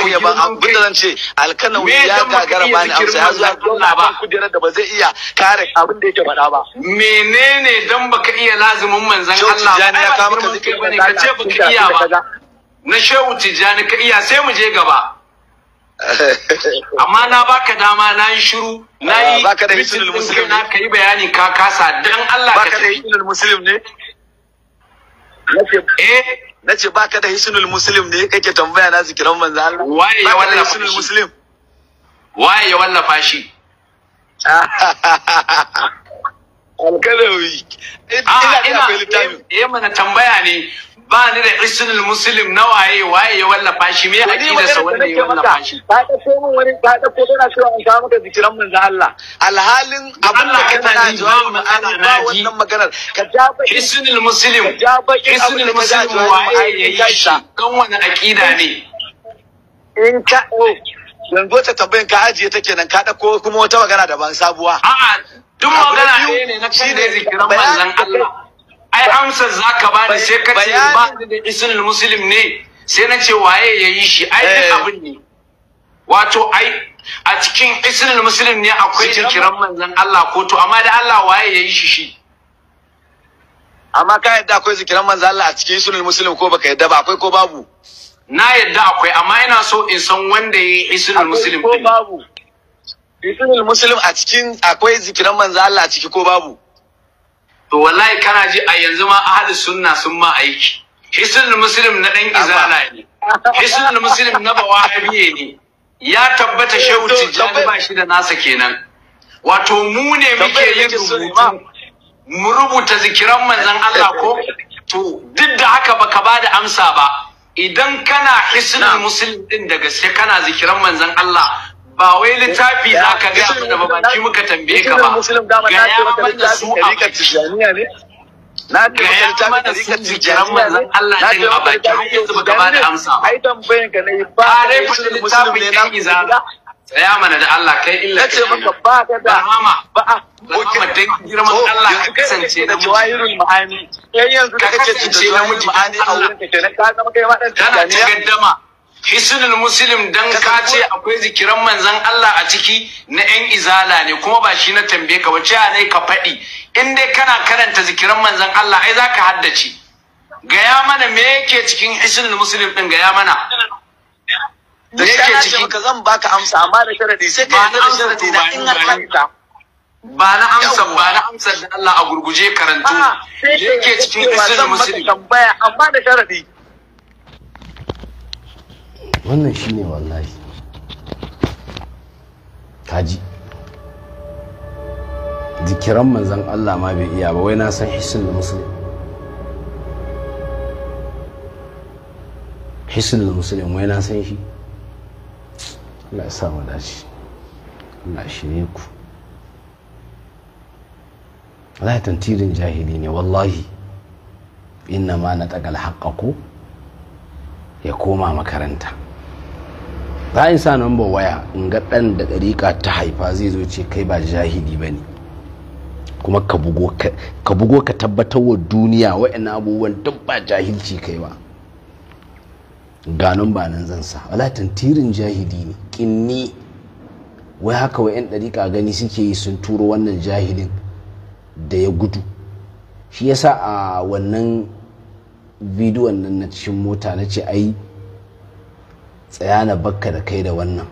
iya ba abin da zan ce alkanawi ya gagara ba ni amsa ya zuwa dole ba kujerar da ba zai iya kare abin da yake faɗa ba menene dan baka iya lazumin manzon Allah ba ya kama ka zikir bane ka ce baka iya ba na shehu tijani ka iya sai mu je gaba (laughs) amma na baka dama na yi shiru na ah, yi mitin muslim na kai bayani ka kasa dan Allah ka tafi baka da hisulul muslim ne eh na ce baka da hisnul muslim ne kake tambaya na zikiran manzo Allah waye ya wallafa hisnul muslim waye ya wallafa shi (laughs) alkalawi eh, ina da ah, littafin ina eh, eh, ina tambaya ne ba ni da isnul muslim na waye waye ya wallafa shi me aqida sa wanda ya wallafa shi ta da ko mun wani ta da ko tana cewa an samu ka zikiran manzo Allah alhalin abin da ka tana jawabin ana ba wannan maganar ka jaba isnul muslim isnul muslim waye ya yi shi kan wani aqida ne in ka oh, yanzu ta tambayin ka ajiye take nan ka ko kuma wata magana da ban sabuwa a'a duk magana ne na kai zikiran manzon Allah ai amsar zaka bani sai ka ce ba da isnul muslim ne sai na ce waye yayi shi ai duk eh. abin ne wato ai a cikin isnul muslim ne akwai kiran manzon Allah ko to amma da Allah waye yayi shi shi amma ka yadda akwai zikiran manzan Allah a cikin sunan muslim ko baka yadda ba akwai ko babu na yadda akwai amma ina so in san wanda ya yi sunan muslim ko babu sunan muslim a cikin akwai zikiran manzan Allah a ciki ko babu to wallahi kana ji a yanzu ma ahli sunna sun ma aiki hisnul muslim na dan izala ne hisnul muslim na bawahabiye ne ya tabbata eh, shehu tijani ba shi da nasa kenan wato mu ne muke yin rubutu mu rubuta zikiran manzon Allah ko to duk da haka baka ba da amsa ba idan kana hisnul muslim din da gaske kana zikiran manzon Allah ba wai littafi za ka gaya mu da ba muka tambaye ka ba gaya mana su a baki na ce maka littafin tarikar tijjani manzon Allah din a baki har yanzu baka gaba da amsa ai dan bayan ka ne ba dai fadin littafin ne na iza tsaya mana da Allah kai illa ka ce maka ba ka da rahama ba a Muhammad dan girman Allah ka kasance da jawahirul ma'ani kai yanzu da kake tijjani ma'ani a wurin ka kenan ka zama kai ma dan tijjani kana gaddama hisnul muslim dan ka ce akwai zikiran manzan Allah a ciki na yan izala ne kuma ba shi na tambaye ka a ne ka faɗi in dai kana karanta zikiran manzan Allah ai zaka haddace gaya mana me yake cikin hisnul muslim din gaya mana da yake cikin ka zan baka amsa amma da sharadi sai ka yi da sharadi na in ka ba na amsa ba na amsa da Allah a gurguje karantu yake cikin hisnul muslim tambaya amma da sharadi wannan shi ne wallahi kaji jikiran manzan Allah ma bai iya ba wai na san hisin da musulun hisin da musulun wai na san shi Allah ya sa mu dace Allah ne ku ya tantirin jahili ne wallahi inna ma na tagal haƙa ya koma makaranta za yi sa number waya in ga ɗan da ɗariƙa ta haifa zai zo ce kai ba jahidi ba ne kuma ka bugo ka tabbatar wa duniya wa'in abubuwan duk ba jahilci kai ba nan ba nan zan sa wala tantirin jahili ne kinni wai haka wa 'yan ɗariƙa gani suke yi sun turo wannan jahilin da ya gudu shi yasa a wannan bidiyon nan na cikin mota na ce ai tsaya na bakka da kai da wannan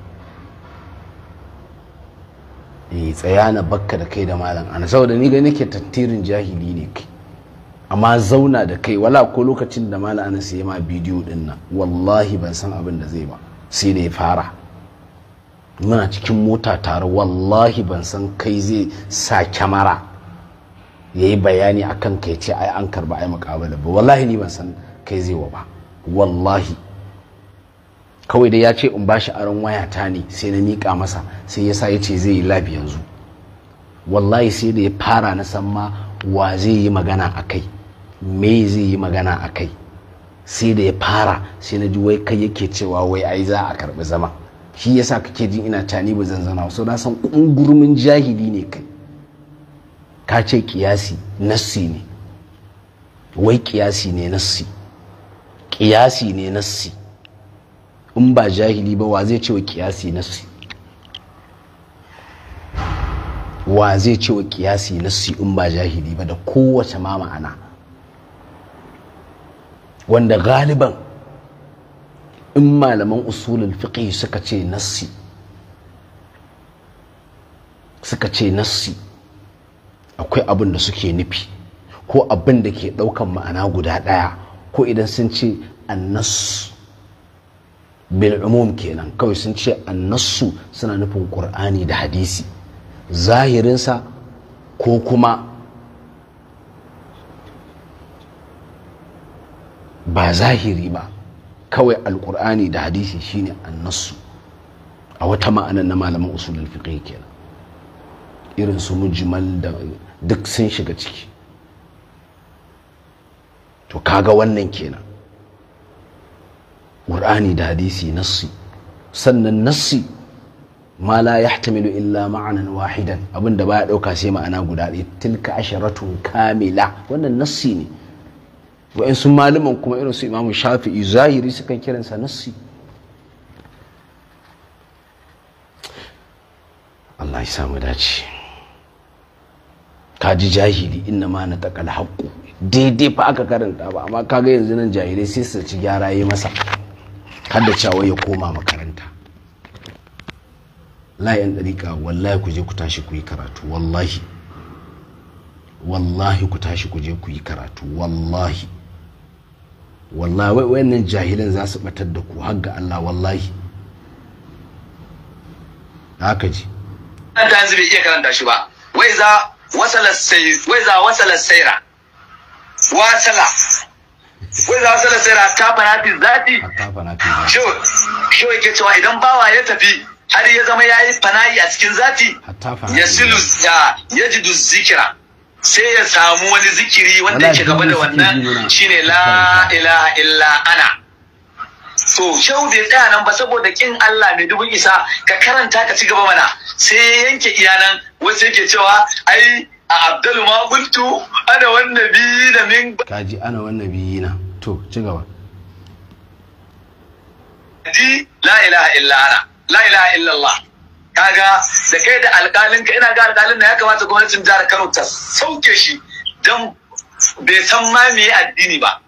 eh tsaya na bakka da kai da malam ana saboda ni ga nake tattirin jahili ne kai amma zauna da kai wala ko lokacin da malam ana sai ma bidiyo din nan wallahi ban san abin da zai ba sai da ya fara muna cikin mota tare wallahi ban san kai zai sa kyamara ya yi bayani a kan kai ce ai an karba ai mukabala ba wallahi ni ban san kai zai wa ba wallahi kawai da ya ce in bashi aron waya ta ne sai na miƙa masa sai ya sa ya ce zai yi labi yanzu wallahi sai da ya fara na san ma wa zai yi magana a kai me zai yi magana a kai sai da ya fara sai na ji wai kai yake cewa wai ai za a karbi zama shi yasa kake jin ina tani ba zan zana so na san ƙungurmin jahili ne kai ka ce kiyasi nassi ne wai kiyasi ne nassi kiyasi ne nassi in ba jahili ba wa zai ce wa kiyasi nassi wa zai ce wa kiyasi nassi in ba jahili ba da kowace ma ma'ana wanda galiban in malaman usulul fiqh suka ce nassi suka ce nassi akwai abin da suke nufi ko abin da ke ɗaukan ma'ana guda ɗaya ko idan sun ce annasu bil umum kenan kawai sun ce annasu suna nufin qur'ani da hadisi zahirinsa ko kuma ba zahiri ba kawai alƙur'ani da hadisi shine annasu a wata ma'anar na malaman usulul fiqh kenan irin su mujmal da duk sun shiga ciki to kaga wannan kenan ƙur'ani da hadisi nassi sannan nassi ma la yahtamilu illa ma'anan wahidan abin da baya ɗauka sai ma'ana guda ɗaya tilka asharatun kamila wannan nassi ne wa'in sun malaman kuma irin su imamu shafi'i zahiri sukan kiransa nassi Allah ya samu dace kaji jahili inna ma na takal haqqu daidai fa aka karanta ba amma kaga yanzu nan jahilai sai su ci gyara yi masa har da cewa ya koma makaranta la yan dariƙa wallahi ku je ku tashi ku yi karatu wallahi wallahi ku tashi ku je ku yi karatu wallahi wallahi wannan jahilan za su batar da ku har ga Allah wallahi haka ji dan zai iya karanta shi ba wai za wasala wasala saira wasala waiza wasala saira ta fara fi zati shi yake cewa idan bawa ya tafi har ya zama ya yi fana'i a cikin zati ya silu ya yajidu zikira sai ya samu wani zikiri wanda yake gaba da wannan shine la ilaha illa ana so kyau bai tsaya nan ba saboda kin Allah mai dubin isa ka karanta ka ci gaba mana sai yanke iyanan wasu yake cewa ai a abdul ma kuntu ana wannan biyi da min kaji ana wannan biyi na to ci gaba ji la ilaha illa ana la ilaha illa Allah kaga da kai da alƙalin ka ina ga alƙalin na ya kamata gwamnatin jihar Kano ta sauke shi dan bai san ma me addini ba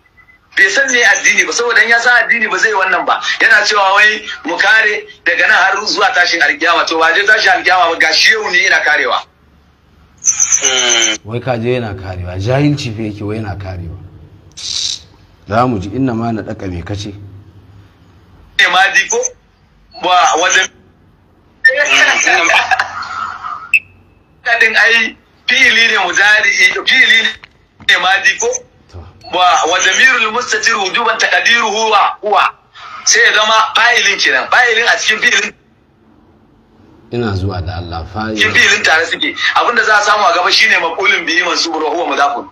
bai san me addini ba saboda ya san addini ba zai wannan ba yana cewa wai mu kare daga nan har zuwa tashin alkiyama to ba je tashin alkiyama ba gashi yau ne yana karewa hmm. wai ka je yana karewa jahilci fa yake wai yana karewa za mu ji inna ma na daka me kace ne ma di ko ba wajen hmm, (laughs) kadin ai fili ne mujari fili ne ma di ko wa wa damirul mustatir wujuban taqdiru huwa huwa sai ya zama fa'ilin kenan fa'ilin a cikin fi'ilin ina zuwa da Allah fa'ilin cikin fi'ilin tare suke abinda za a samu a gaba shine maqulun bihi mansubun wa huwa mudafun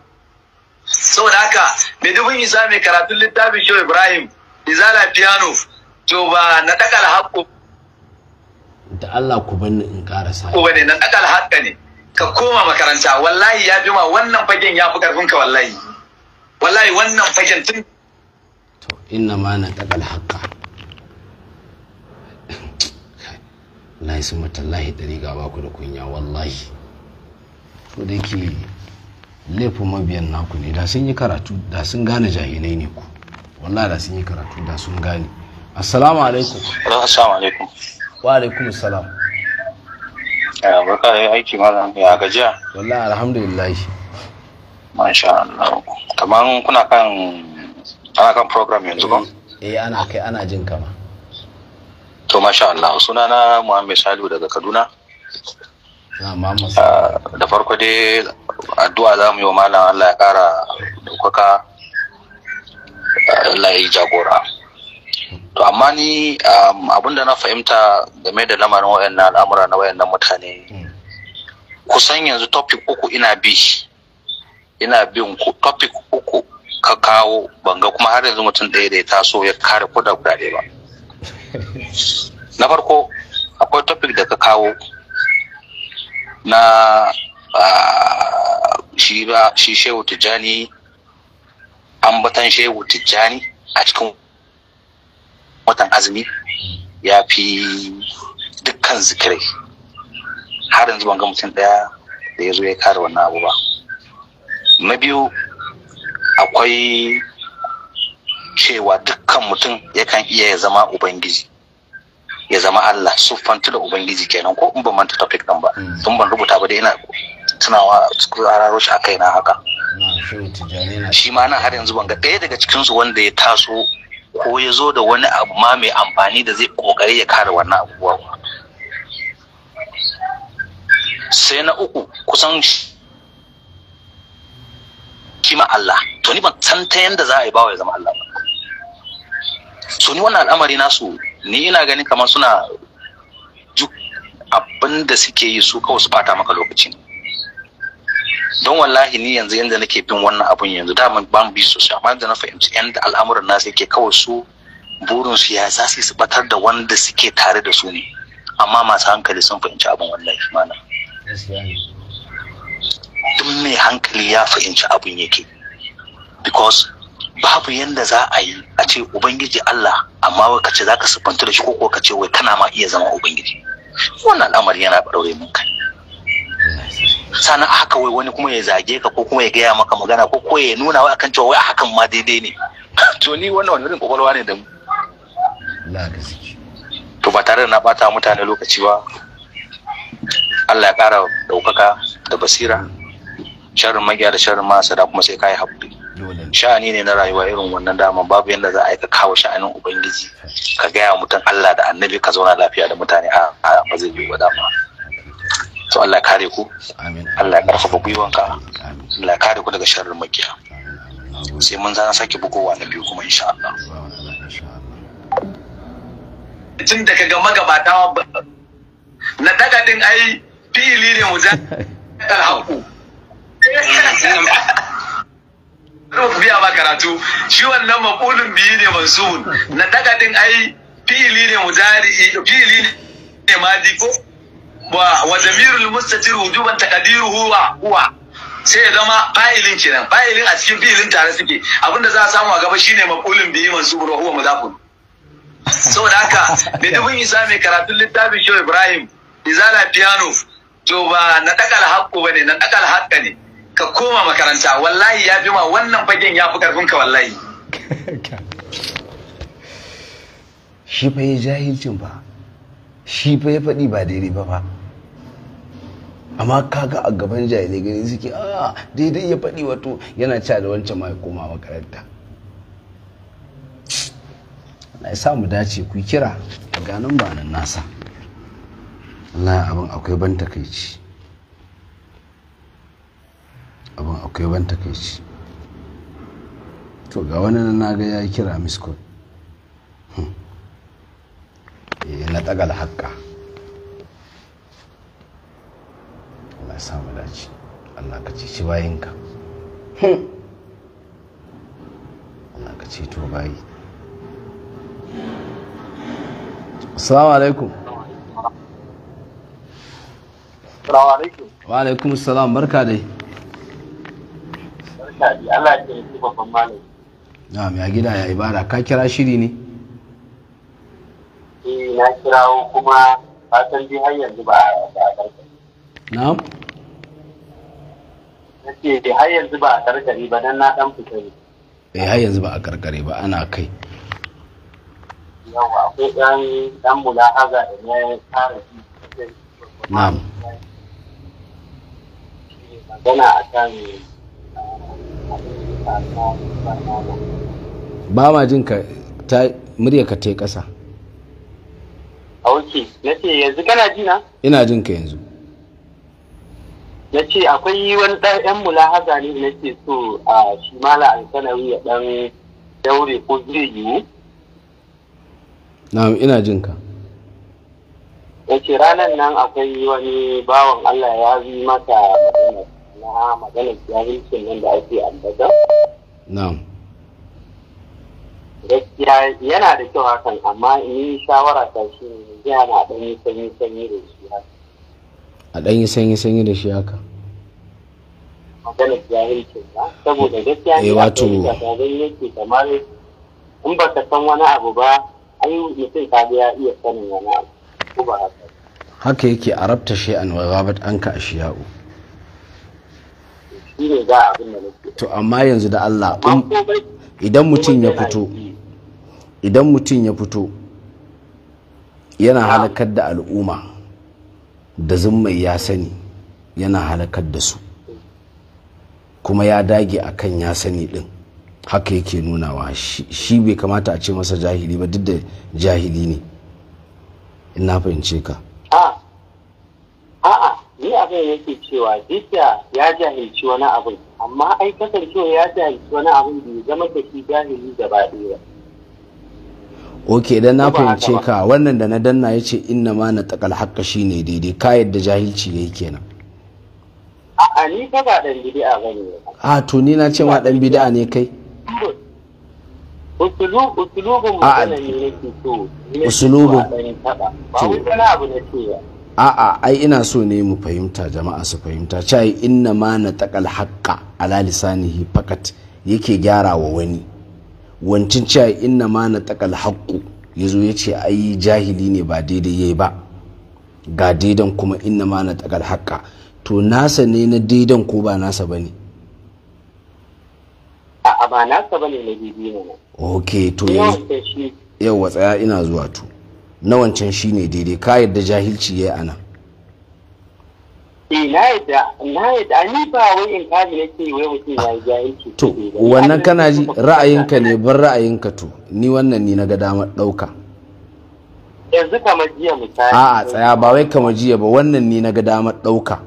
saboda haka me dubin isa mai karatun littafin shehu ibrahim izala piano to ba na dakal haqqo da Allah ku banni in karasa ko bane na dakal haqqa ne ka koma makaranta wallahi ya fi ma wannan fagen ya fi karfin ka wallahi wallahi wannan fagen tun to inna ma na dagal haqqa wallahi sun matallahi dari ga ba ku da kunya wallahi to da yake laifin mabiyan naku ne da sun yi karatu da sun gane jahilai ne ku wallahi da sun yi karatu da sun gane assalamu alaikum assalamu alaikum wa alaikum assalam ya yi aiki malam ya gajiya wallahi alhamdulillah Masha Allah. Kaman kuna kan ana kan program yanzu ba? Eh, eh ana kai ana jin kama. To masha Allah na Muhammad ah, Salu daga Kaduna. Da farko dai addu'a za mu yi wa malam Allah ya kara daukaka Allah ya jagora. To amma ni abinda na fahimta game da lamarin wayannan al'amura na wayannan mutane hmm. kusan yanzu topic uku ina bi. ina bin ku topic uku ka kawo banga kuma har yanzu mutum ɗaya da ya taso ya kare ko guda ɗaya ba (laughs) na farko akwai topic da ka kawo na shi shi shehu tijjani ambatan shehu tijjani a cikin watan azumi ya fi dukkan zikirai har yanzu ban ga mutum ɗaya da ya zo ya kare wannan abu ba na biyu akwai cewa dukkan mutum yakan iya ya zama ubangiji ya zama Allah siffantu da ubangiji kenan ko in ban manta topic din ba hmm. tun ban rubuta ba dai ina tunawa hararo shi akai na haka shi ma nan har yanzu ban ga ɗaya daga cikin wanda ya taso ko ya zo da wani abu ma mai amfani da zai kokari ya kare wannan abubuwa sai na uku kusan shi ma Allah to ni ban san ta yanda za a yi bawa ya zama Allah ba so ni wannan al'amari nasu ni ina ganin kamar suna duk abin da suke yi su kawai su bata maka lokaci don wallahi ni yanzu yanda nake bin wannan abun yanzu da ban bi sosai amma da na fahimci yanda al'amuran nasu yake kawai su burin su ya za su batar da wanda suke tare da su ne amma masu hankali sun fahimci abin wallahi mana in mai hankali ya fahimci abin yake because babu yanda za a yi a ce ubangiji Allah amma ce za ka siffanta da shi ko ka ce wai kana ma iya zama ubangiji wannan al'amari yana ɗaure mun kai sannan a haka wai wani kuma ya zage ka ko kuma ya gaya maka magana ko ko ya nuna wai akan cewa wai a hakan ma daidai ne (laughs) to ni wannan wani irin kwakwalwa ne da mu to ba tare da na bata mutane lokaci ba Allah ya ƙara ɗaukaka da basira sharrin magiya da sharrin da kuma sai kai haƙuri sha'ani ne na rayuwa irin wannan dama babu yadda za a yi ka kawo sha'anin ubangiji ka gaya wa mutum Allah da annabi ka zauna lafiya da mutane a ba zai yi dama to Allah ya kare ku Allah ya karfafa gwiwanka Allah ya kare ku daga sharrin magiya sai mun zana sake bugowa na biyu kuma insha Allah tun da kaga magabata na daga ai fili ne mu za (laughs) haƙu biya ba karatu shi wannan maqulun biyu ne mansubun na dagadin ai fili ne mujari fili ne madi ko wa wa damirul mustatir wujuban taqdiruhu wa huwa sai ya zama fa'ilin kenan fa'ilin a cikin fi'ilin tare suke abinda za a samu a gaba shine maqulun biyu mansubun wa huwa mudafun saboda haka mai dubin isa mai karatun littafin shehu ibrahim izala piano to ba na dakal haqqo bane na dakal haqqa ne ka koma makaranta wallahi ya bi ma wannan fagen ya fi karfin ka wallahi (laughs) shi fa ya jahilcin ba shi fa ya faɗi ba daidai ba ba amma kaga a gaban jahilai gani suke a ah, daidai ya faɗi wato yana ca da wancan ma ya koma makaranta na sa mu dace ku kira ganin ba nan nasa Allah abin akwai ban takaici abin akwai ban takaici to ga wani na ga ya kira miskol hmm. eh, na tagal haƙƙa Allah ya samu dace Allah ka ceci bayinka hmm. Allah ka to bayi Assalamu alaikum Assalamu alaikum Wa alaikum salam barka dai barka ne Allah ya yi babban malami na'am ya gida ya ibada ka kira shiri ne eh na kirawo kuma fatan bi har yanzu ba a karkari. na'am nace dai har yanzu ba a karkari ba dan na dan fita ne eh har yanzu ba a karkari ba ana kai yawa akwai dan dan mulahaza da ne fara shi na'am magana a akan ba ma jin ka ta murya ka tai a wuce na ce yanzu kana ji na ina jin ka yanzu na ce akwai wani ɗan ɗan haza ne na ce so a shi mala alkanawi ya ɗan daure ko zai Na na'am ina jin ka ya ce ranar nan akwai wani bawan allah ya yi mata na maganar jahilcin nan da ake ambata na'am gaskiya yana da kyau hakan amma in yi shawara ta shi ne, yana dan yi sanyi sanyi da shi haka a dan yi sanyi sanyi da shi haka maganar jahilcin ba saboda gaskiya eh, ne ya wato yake kamar in ba ka san wani abu ba ai mutum ka ya iya sanin wani abu ko ba haka haka yake arabta shay'an wa ghabat anka ashiya'u to amma yanzu da Allah idan mutum ya fito idan mutum ya fito yana ah. halakar da al'umma da zummai ya sani yana halakar da su kuma ya dage a kan ya sani din haka yake nunawa shi bai kamata a ce masa jahili ba duk da jahili ne ina fahimce ka malam yake cewa duk da ya jahilci wani abin amma ai kasancewa ya jahilci wani abin bai zama da shi jahili gaba ɗaya ok idan na fahimce ka wannan da na danna ya ce inna ma na takal haka shi ne daidai ka yadda jahilci ya yi kenan a ni fa ba dan bid'a ba ne a to ni na ce ma dan bid'a ne kai usulubin mutane ne ke so usulubun ba wani abu na ce a'a ai ina so ne mu fahimta jama'a su fahimta cai inna ma na taƙal haƙƙa ala lisanihi fakat yake gyara wa wani wancin cai inna ma na taƙal haƙƙu ya zo ya ce ai jahili ne ba daidai yayi ba ga daidan kuma inna ma na taƙal haƙƙa to nasa ne na daidan ko ba nasa ba a'a ba nasa bane ne na daidai ne ok to yawwa tsaya ina zuwa to na wancan ne daidai ka yadda jahilci ya yi anan to wannan kana ji ra'ayinka ne bar ra'ayinka to ni wannan ni na ga damar ɗauka yanzu kamar jiya misali a'a tsaya ba wai kamar jiya ba wannan ni na ga damar ɗauka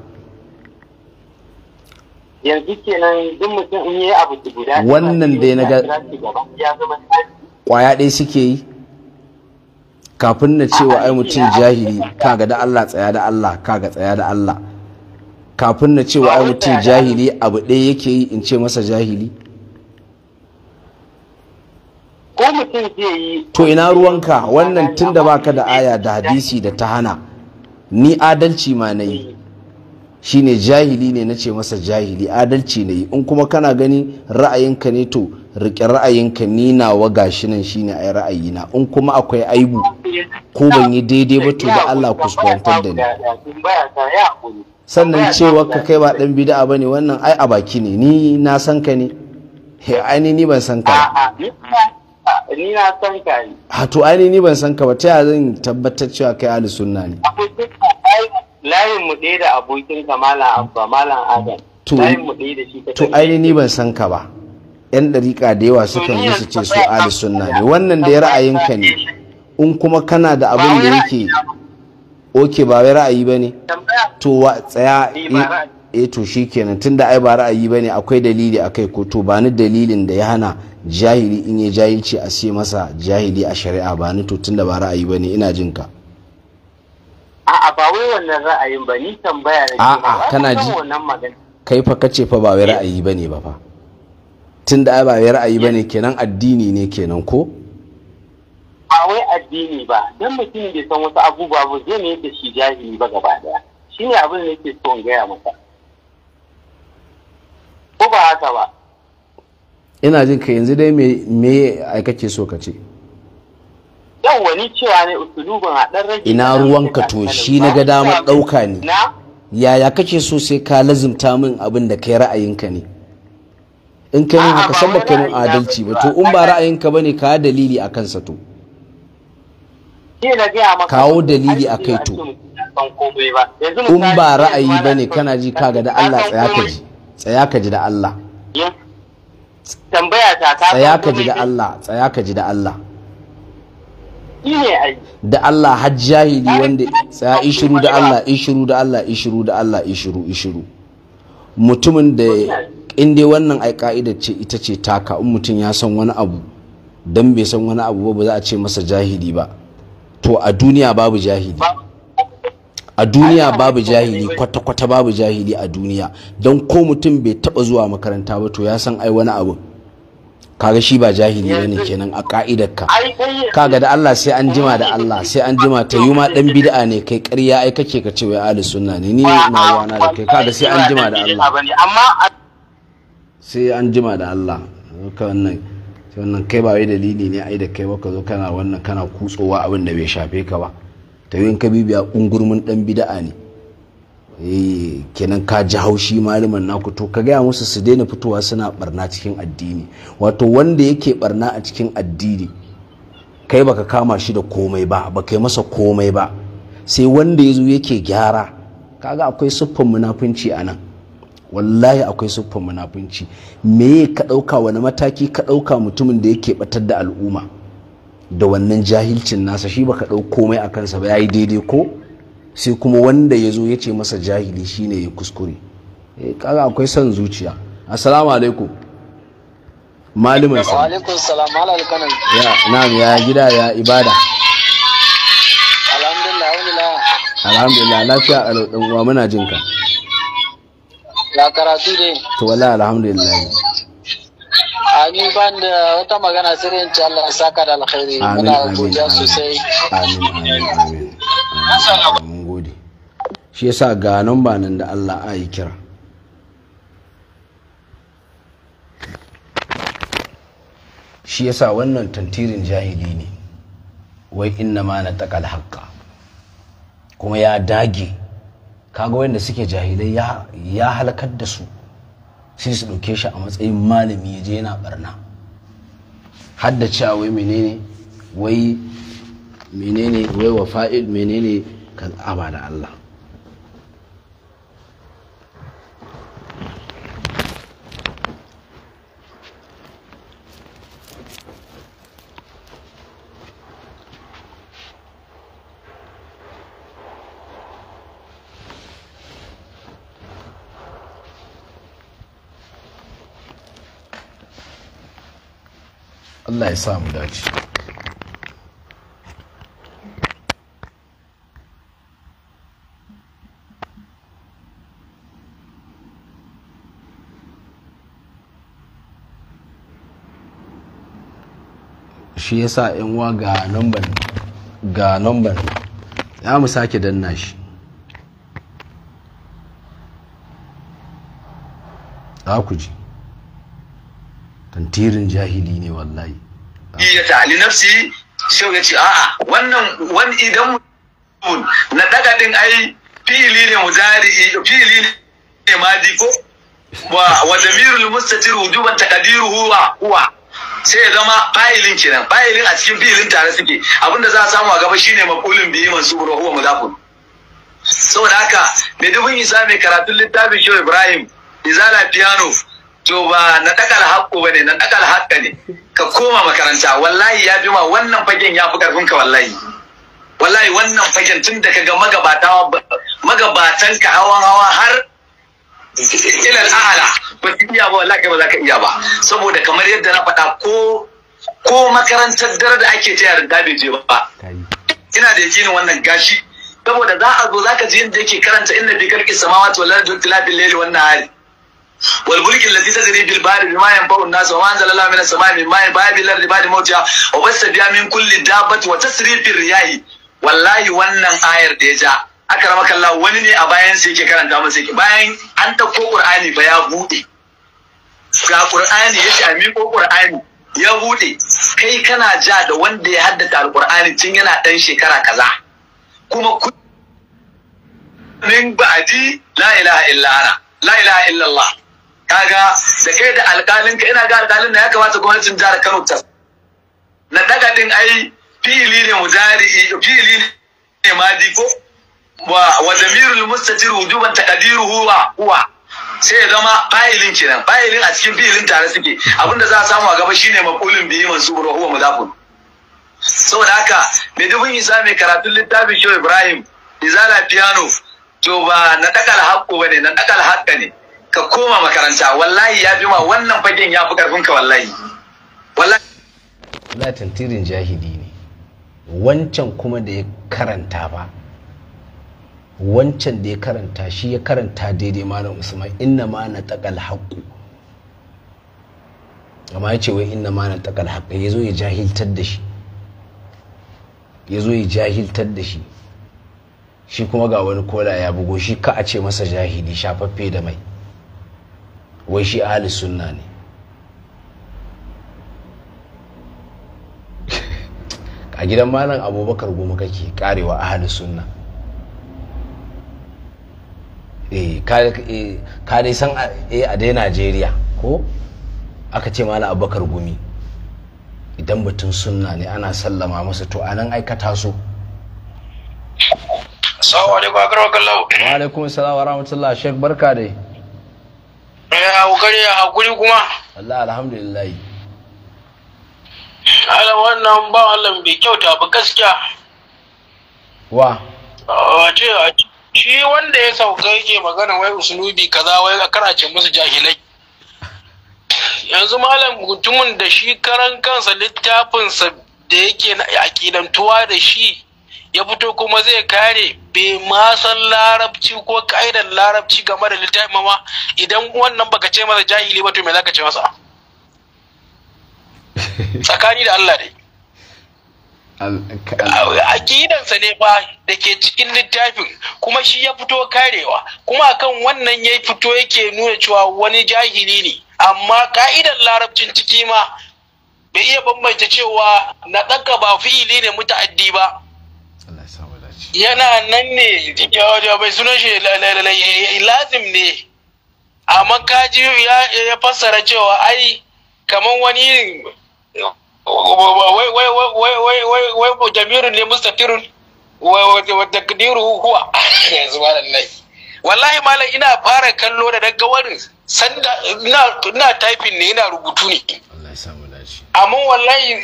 yanzu kenan duk mutum in yi abu guda wannan dai na ga kwaya ɗaya suke yi kafin na cewa ai mutum jahili ka ga da Allah tsaya da Allah ka ga tsaya da Allah kafin na cewa ai mutum jahili abu ɗaya yake yi in ce masa jahili to ina ruwanka wannan tun da baka da aya da hadisi da ta hana ni adalci ma na yi shine jahili ne na ce masa jahili adalci na yi in kuma kana gani ra'ayinka ne to riƙe ra'ayinka ni nawa gashi nan shine ai ra'ayina in kuma akwai aibu ko ban yi daidai ba to da Allah kuskurantar da ni sannan cewa ka kai ba dan bid'a bane wannan ai a baki ne ni na san ka ne he ai ni ban san ka ni na san ka ne ha to ai ni ban san ka ba ta zan tabbatar cewa kai ahli sunna ne layin mu ɗaya da abokin ka malam abba malam adam layin mu da shi to ai ni ban san ka ba 'yan ɗariƙa da yawa sukan yi su ce su ali sunna ne wannan da ya ra'ayinka ne in kuma kana da abin da yake oke ba wai ra'ayi ba ne to wa tsaya e to shi kenan da ai ba ra'ayi ba ne akwai dalili a kai ko to ba ni dalilin da ya hana jahili in ya jahilci a sai masa jahili a shari'a ba ni to da ba ra'ayi ba ne ina jinka a'a ba wai wannan ra'ayin ba ni tambaya ne a'a kana ji kai fa kace fa ba wai ra'ayi ba ne ba fa tun da ba ya ra'ayi ba ne kenan addini ne kenan ko? a wai addini ba don mutum bai san wasu abubuwa ba zai ne yake shi jahili ba gaba daya shi ne abin da yake son gaya masa ko ba haka ba ina jin ka yanzu dai me ai kake so ka ce Yau wani cewa ne usulubin haɗar rage ina ruwan ka to shi na ga damar ɗauka ne yaya kake so sai ka lazimta min abin da kai ra'ayinka ne in ka yi haka san ba kai adalci ba to in ba ra'ayinka bane ka dalili a kansa to kawo dalili a kai to in ba ra'ayi ba ne kana ji ka ga da Allah tsaya ka ji tsaya ka ji da Allah tambaya ta tsaya ka ji da Allah tsaya ka ji da Allah da Allah har jahili wanda tsaya ishiru da Allah ishiru da Allah ishiru da Allah ishiru ishiru mutumin da in dai wannan ai ka'idar ce ita ce taka in mutum ya san wani abu dan bai san wani abu ba za a ce masa jahili ba to a duniya babu jahili a duniya babu jahili kwata-kwata babu jahili a duniya don ko mutum bai taba zuwa makaranta ba to ya san ai wani abu kaga shi ba jahili ne kenan a ka'idar ka kaga da Allah sai an jima da Allah sai an jima ta yi ma dan bid'a ne kai karya ai kake ka ce wai ahli sunna ne ni ina ruwana da kai kaga sai an jima da Allah sai an jima da Allah wannan wannan kai ba wai dalili ne a yi da kai ba ka zo kana wannan kana kutsowa abin da bai shafe ka ba ta yin ka bibiya ungurmin dan bida'a ne eh, kenan ka ji haushi malaman na to ka gaya musu su daina fitowa suna barna cikin addini wato wanda yake barna a cikin addini kai baka kama shi da komai ba baka yi masa komai ba sai wanda ya zo yake gyara kaga akwai siffan munafunci a nan wallahi akwai siffar munafunci me ka ɗauka wani mataki ka ɗauka mutumin da yake batar da al'umma da wannan jahilcin nasa shi baka ɗau komai a kansa ba yayi daidai ko sai kuma wanda ya zo ya ce masa jahili shine ya kuskure eh, kaga akwai son zuciya assalamu alaikum malumin sa alaikum salam ala ya na'am ya gida ya ibada alhamdulillah alhamdulillah lafiya alhamdulillah muna jinka. ya karatu dai to wallahi alhamdulillah ani ban da wata magana sirrin ci Allah saka da alkhairi muna godiya sosai. Amin amin amin. Mun gode. Shi yasa ga namba nan da Allah a kira. Shi yasa wannan tantirin jahili ne. Wai inna ma na taƙal haƙƙa. Kuma ya dage kaga wanda suke jahilai ya halakar da su sai su ɗauke shi a matsayin malami ya je yana barna hadda cewa wai menene wai menene wai wafa'id fa'il menene kan abada Allah ya sa mu dace shi ya sa uwa ga nomban ga nomban ya mu sake danna shi za ku ji tantirin jahili ne wallahi ya ta li nafsi sai ya ce a'a wannan wani idan na daga din ai fili ne muzari fili ne maji ko wa wa damirul mustatir wujuban huwa sai ya zama fa'ilin kenan fa'ilin a cikin fi'ilin tare suke abinda za a samu a gaba shine maqulun bihi mansubun huwa mudafun saboda haka mai dubin isa mai karatun littafin shehu ibrahim izala piano jo ba na dakal ba bane na dakal haƙa ne ka koma makaranta wallahi ya fi ma wannan fagen ya fi karfin ka wallahi wallahi wannan fagen tun da kaga magabata magabatan ka hawan hawa har ilal a'ala ba su iya ba wallahi ba za ka iya ba saboda kamar yadda na faɗa ko ko makarantar dare da ake tayar da bai je ba ina da yakinin wannan gashi saboda za a zo za ka ji yadda yake karanta inda bi karki samawa wal ardi tilabil layli wan nahari wal bulki allazi tajri bil bahri bima yanfa'u an-nas wa ma anzala Allahu minas samai min ma'in fahyahil ardi ba'da mawtiha wa bassa biha min kulli dabbati wa tasrifir riyahi wallahi wannan ayar da ya ja aka rama kalla wani ne a bayan sai yake karanta masa yake bayan an ɗauko ƙur'ani ba ya buɗe ga ƙur'ani ya ce a miƙo ƙur'ani ya buɗe kai kana ja da wanda ya haddata alƙur'ani tun yana ɗan shekara kaza kuma min ba'di la ilaha illa ana la ilaha illallah kaga da kai da alƙalin ka ina ga alƙalin na ya kamata gwamnatin jihar Kano ta na daga din ai fili ne mujari fili ne madi ko wa wa damirul mustatir wujuban taqdiruhu wa huwa sai ya zama fa'ilin kenan fa'ilin a cikin filin tare suke abinda za a samu a gaba shine maqulun bihi mansubun wa huwa mudafun saboda haka mai dubin isa mai karatun littafin shehu ibrahim izala piano to ba na dakal haqqo bane na dakal haqqa ne ka koma makaranta wallahi ya bi ma wannan fagen ya fi karfin ka wallahi wallahi la tantirin jahidi ne wancan kuma da ya karanta ba wancan da ya karanta shi ya karanta daidai malam usman inna ma na taƙal haƙƙu amma ya ce wai inna ma na taƙal haƙƙu ya zo ya jahiltar da shi ya zo ya jahiltar da shi shi kuma ga wani kola ya bugo shi ka a ce masa jahili shafaffe da mai wai shi ahli sunna ne a gidan malam abubakar goma kake karewa ahli sunna eh, eh, ka dai san eh, a dai najeriya ko aka ce malam abubakar gumi idan batun sunna ne ana sallama masa to anan aikata so Assalamu alaikum wa alaikum assalam wa rahmatullah Sheikh barka dai Yaya kokari ya hakuri kuma wallahi alhamdulillah ala wannan ba Allah bai kyauta ba gaskiya wa wace shi wanda ya sauka yake magana wai usulubi kaza wai a karace musu jahilai yanzu malam mutumin da shi karan kansa littafinsa da yake aƙidantuwa da shi ya fito kuma zai kare bai masan san larabci ko ka'idar larabci game da littafin ma idan wannan baka ce masa jahili ba to me zaka ce masa tsakani da Allah dai aƙidansa ne ba da ke cikin littafin kuma shi ya fito karewa kuma akan wannan ya fito yake nuna cewa wani jahili ne amma ka'idar larabcin ciki ma bai iya bambance cewa na ɗaka ba fi'ili ne muta'addi ba yana nan ne ya bai sunan shi lazim ne amma kaji ya fassara cewa ai kamar wani wai jamirin ne mustatirun wa takdiru huwa (laughs) subhanallahi wallahi malam ina fara kallo da daga wani sanda ina taifin ne ina rubutu ne amma wallahi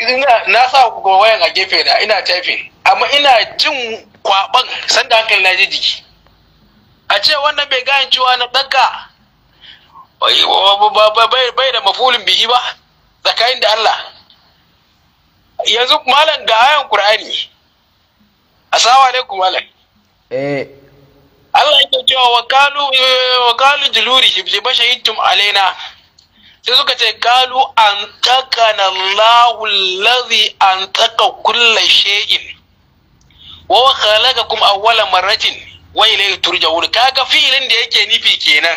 na sa wayan a gefe da ina taifin, amma ina jin kwaban sanda hankali na ji jiki a ce wannan bai gane cewa na ɗanka bai da mafulin bihi ba tsakanin da Allah yanzu malam ga ayan Qur'ani assalamu alaikum malam eh Allah ya ce wa kalu wa kalu juluri li bashaytum alaina sai suka ce Kalu an taqana Allahu allazi an taka kulli shay'in wa kum awwala marratin wa ilayhi turja'un kaga filin da yake nufi kenan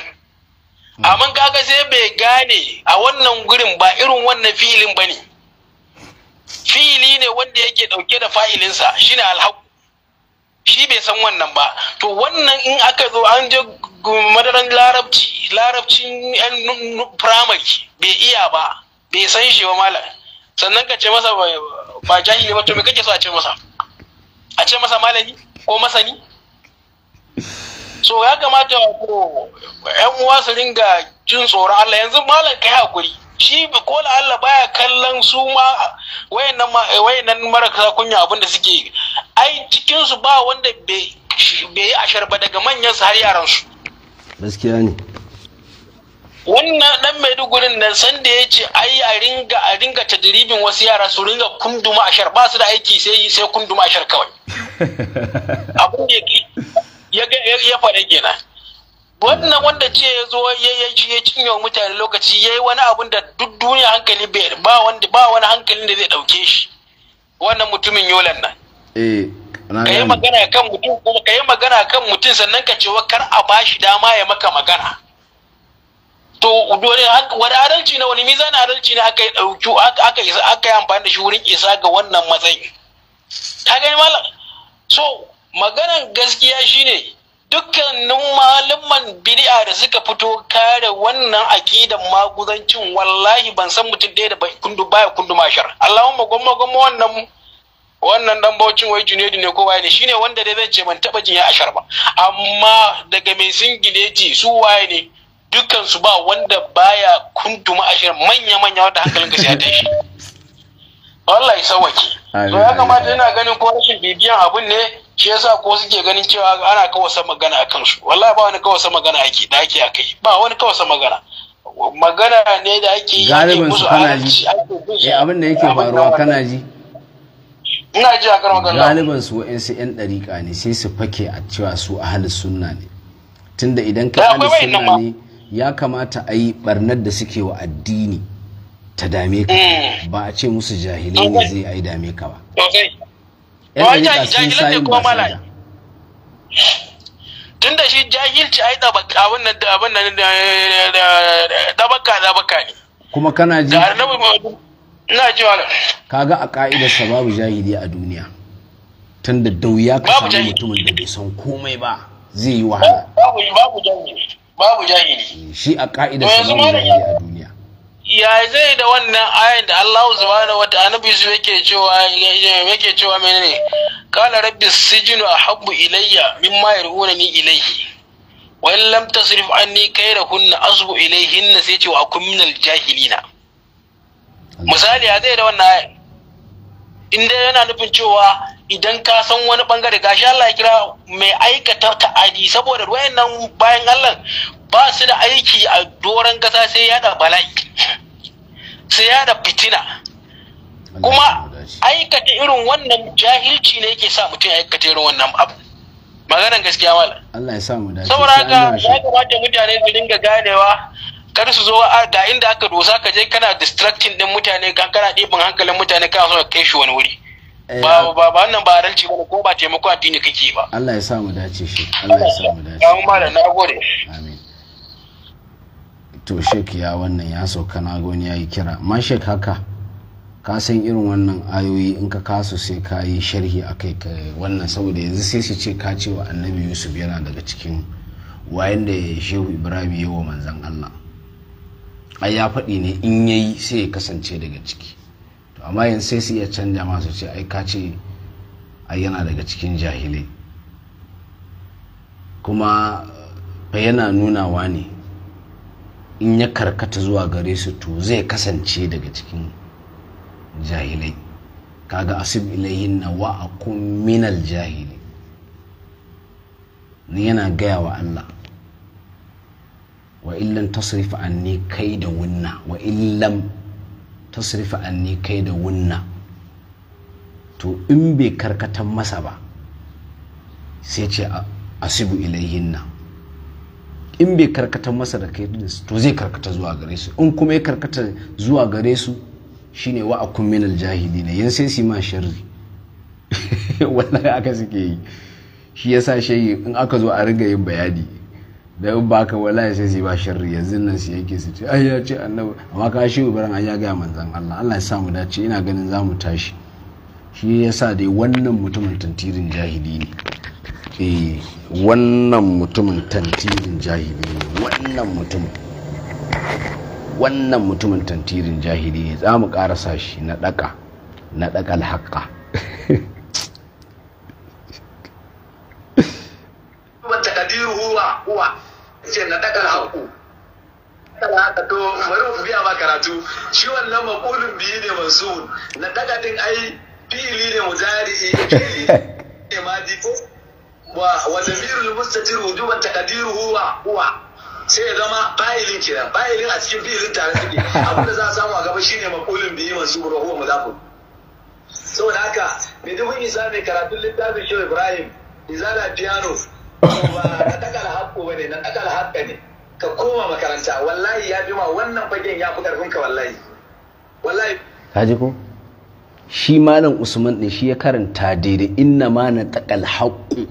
hmm. amma kaga sai bai gane a wannan gurin ba irin wannan filin bane fili ne wanda yake dauke da fa'ilinsa shine alhaq shi bai san wannan ba to wannan in aka zo an je madaran larabci larabcin primary bai iya ba bai san shi ba malam sannan ka ce masa ba jahili ba to me kake so a ce masa a ce masa malami ko masani so ya kamata ko yan uwa su ringa jin tsoron Allah yanzu malam kai hakuri shi ko la Allah baya kallon su ma wayannan wayannan marasa kunya abin da suke ai cikin su ba wanda bai bai ashar ba daga manyan su har yaran su gaskiya ne wannan dan Maiduguri nan san da ya ce ai a ringa a ringa tadribin wasu yara su ringa kunduma ashar ba su da aiki sai yi sai kunduma shar kawai (laughs) Abun da ya ya faɗa kenan wannan wanda ce ya zo ya cinye wa mutane lokaci ya yi wani abun da duk duniya hankali bai ba wanda ba wani hankalin da zai dauke shi wannan mutumin yolan nan eh, ka yi magana kan mutum kuma ka yi magana kan mutum sannan ka ce kar a bashi dama ya maka magana to wani adalci na wani mizanin adalci ne aka yi ɗauki aka yi amfani da shi wurin isa ga wannan matsayi ta gani malam so maganan gaskiya shine dukkanin malaman bid'a da suka fito kare wannan akidan maguzancin wallahi ban san mutum ɗaya da kundu baya kundu mashar Allahumma gwamma gwamma wannan wannan dan baucin wai junaidu ne ko waye ne shine wanda dai zai ce ban taba jin ya ashar ba amma daga mai singileti su waye ne Dukansu ba wanda baya kunduma shirin manya-manya wanda hankalin ka ya shi wallahi sawaki to ya kamata yana ganin ko rashin bibiyan abun ne shi yasa ko suke ganin cewa ana kawasa magana a kansu wallahi ba wani kawasa magana ake da ake akai ba wani kawasa magana magana ne da ake yi galibin su kana ji eh abin da yake faruwa kana ji ina ji a karin magana galibin su wa'ansu yan dariƙa ne sai su fake a cewa su ahalus sunna ne tunda idan ka ahalus sunna ne ya kamata a yi barnar da suke wa addini ta dame ka eh. ba a ce musu jahilai ne zai yi dame ka ba tun da shi jahilci yi abin nan da abin nan da dabaka ne kuma kana ji ina ji wani kaga a ka'idarsa babu jahili a duniya tun da dau ya ka samu mutumin da bai san komai ba zai yi wahala babu jahili babu jahili eh, shi a ka'idar sa babu yi a duniya ya zai da wannan ayan da Allah subhanahu wa ta'ala bi su yake cewa yake cewa menene qala rabbi sijnu ahabbu ilayya mimma yarunani ilayhi wa in lam tasrif anni kayrahunna asbu ilayhinna sai ce wa akum minal jahilina misali ya zai da wannan ayan inda yana nufin cewa idan ka san wani bangare gashi Allah ya kira mai aikata ta'adi saboda wayannan bayan Allah ba su da aiki a doran kasa sai ya da bala'i sai ya da fitina kuma aikata irin wannan jahilci ne yake sa mutum ya aikata irin wannan abu maganar gaskiya mala Allah ya sa dace saboda haka ya kamata mutane su dinga ganewa kar su zo a da inda aka dosa ka je kana distracting din mutane ka kana ɗiban hankalin mutane kana so ka kai shi wani wuri eh, ba ba ba wannan ba ba ko ba taimako addini kake ba Allah ya sa mu dace shi Allah ya sa mu dace ya malam na gode amin to shek ya wannan ya so kana goni yayi kira ma shek haka ka san irin wannan ayoyi in ka kasu sai ka yi sharhi akai ka wannan saboda yanzu sai su ce ka ce wa annabi yusuf yana daga cikin wayan da shehu ibrahim yi wa manzan allah a ya faɗi ne in ya yi sai ya kasance daga ciki to amma yanzu sai su iya canja masu ce ai ka ce ai yana daga cikin jahilai kuma fa yana nunawa ne in ya karkata zuwa gare su to zai kasance daga cikin jahilai kaga asib ilayhin na wa'akun minal jahili ni yana gaya wa Allah wa illan tasrifa anni kai da wunna wa tasrifa anni kai da wunna to in bai karkatan masa ba sai ce a asibu ilayhinna in bai karkatan masa da kai to zai karkata zuwa gare su in kuma ya karkata zuwa gare su shine wa akun minal ne yan sai ma sharri (laughs) wallahi aka suke yi shi yasa shayi in aka zo a riga yin bayani da in ba ka wallahi sai su yi ba sharri yanzu nan su yake su ce ai ya ce annabi amma ka shi ubaran an ya ga manzon Allah Allah ya sa mu dace ina ganin za mu tashi shi yasa dai wannan mutumin tantirin jahili ne eh wannan mutumin tantirin jahili ne wannan mutumin wannan mutumin tantirin jahili ne za mu karasa shi na daka na dakal haqqa (laughs) kuma takadiru huwa huwa ce na dakal haƙu kana haka to bari mu biya ma karatu shi wannan maqulun biyu ne mansubun na dakadin ai fi'ili ne mujari ne ma diko wa wa zamirul mustatir wujuban takadiru huwa huwa sai ya zama fa'ilin kenan fa'ilin a cikin fi'ilin tare suke abinda za a samu a gaba shine maqulun biyu mansubun ruwa huwa mudafun saboda haka mai dubin isa mai karatun littafin shehu ibrahim izala piano ba ka ko shi malam usman din shi ya karanta daidai inna ma na takal haƙu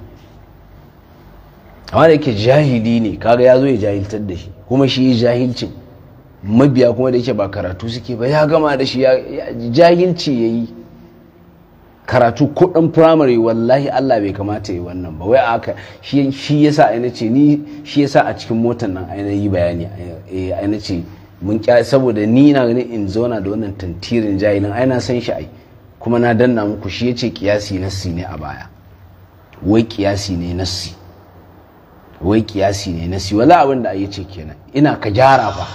amma da yake jahili ne kaga ya zo ya jahiltar da shi kuma shi ya jahilcin mabiya kuma da yake ba karatu suke ba ya gama da shi ya jahilci ya yi karatu ko dan firamare wallahi Allah bai kamata yi wannan ba wai aka shi yasa aina ce ni shi yasa a cikin motar nan aina yi bayani aina eh, ce mun kya saboda ni na gani in zauna da wannan tantirin jahilin aina san shi ai kuma na danna muku shi yace kiyasi nassi ne a baya wai kiyasi ne nassi wai kiyasi ne nassi wala abin da ayi ce kenan ina ka gyara fa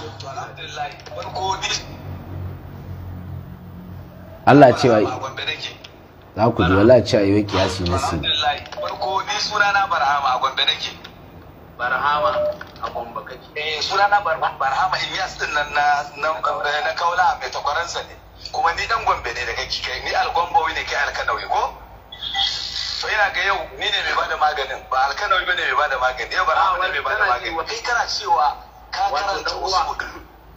Allah cewa za ku ji wala ci a yi kiyasi na su farko ni sunana barhama a gombe nake barhama a gombe kake eh sunana barhama ilyas din nan na na na kaula mai takwaransa ne kuma ni dan gombe ne da kake kai ni algombo ne kai alkanawi ko to ina ga yau ni ne mai bada maganin ba alkanawi bane mai bada maganin yau barhama ne mai bada ah, maganin kai kana cewa ka karanta wasu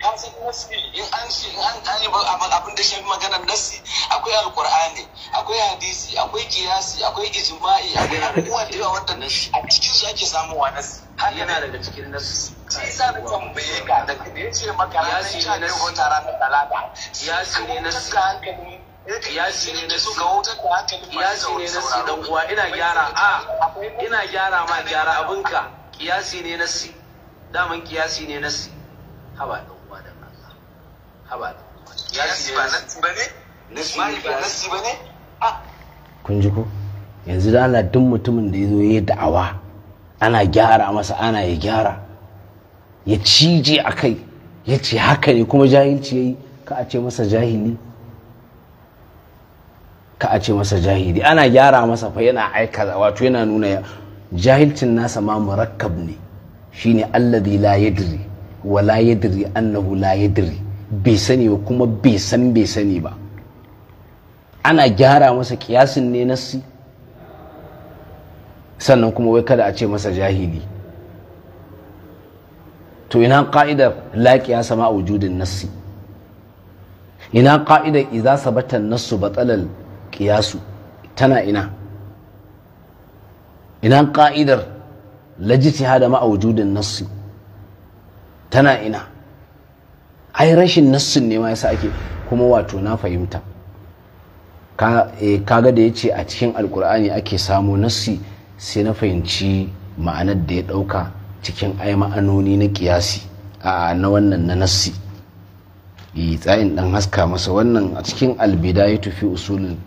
ka san nasi in an shi in an kare abin da shafi maganar nasi akwai alkur'ani akwai hadisi akwai kiyasi akwai ijma'i akwai abubuwa da yawa wanda a cikin su ake samuwa nasi har yana daga cikin nasi shi sa na tambaye ka da ya ce maka ranar sha biyu ko tara na talata ya ce ne nasi kiyasi ne na su kiyasi ne na su dan uwa ina gyara a ina gyara ma gyara abinka kiyasi ne na si daman kiyasi ne na si haba kunji ah. kun ji ko yanzu da ana duk mutumin da ya zo ya da'awa ana gyara masa ana ya gyara ya cije a kai ya ce haka ne kuma jahilci ya yi ka a ce masa jahili ka a ce masa jahili ana gyara masa fa yana aika wato yana nuna ya jahilcin nasa ma murakkab ne shine alladhi la yadri wa la yadri annahu la yadri bai sani ba kuma bai san bai sani ba ana gyara masa kiyasin ne si sannan kuma wai kada a ce masa jahili to ina ka'idar laƙiya sama a wujudin nassi ina ka'idar iza sabatan nassu batsalal kiyasu tana ina ina ka'idar lajitiha da a wujudin nassi tana ina ai rashin nassin ne ma yasa ake kuma wato na fahimta kaga eh, da ya ce a cikin alkur'ani ake samu nassi sai na fahimci ma'anar da ya ɗauka cikin ai ma'anoni na kiyasi a na wannan na nassi tsayin ɗan haska masa wannan a cikin albida ya tufi usulun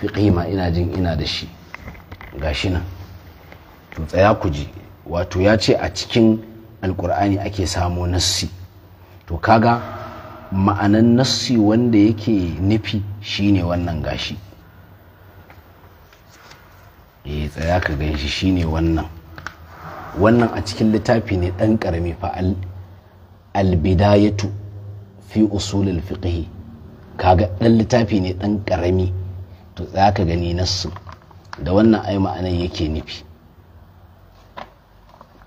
fiƙima ina jin ina da shi Ga shi nan tsaya ku ji wato ya ce a cikin alkur'ani ake samu nassi to kaga ma'anan nassi wanda yake nufi shine wannan gashi eh tsaya ka gan shi shine wannan wannan a cikin littafi ne ɗan ƙarami fa albidayatu fi usulul fiqhi kaga ɗan littafi ne ɗan ƙarami to tsaya ka gani Nassu da wannan ai ma'anan yake nufi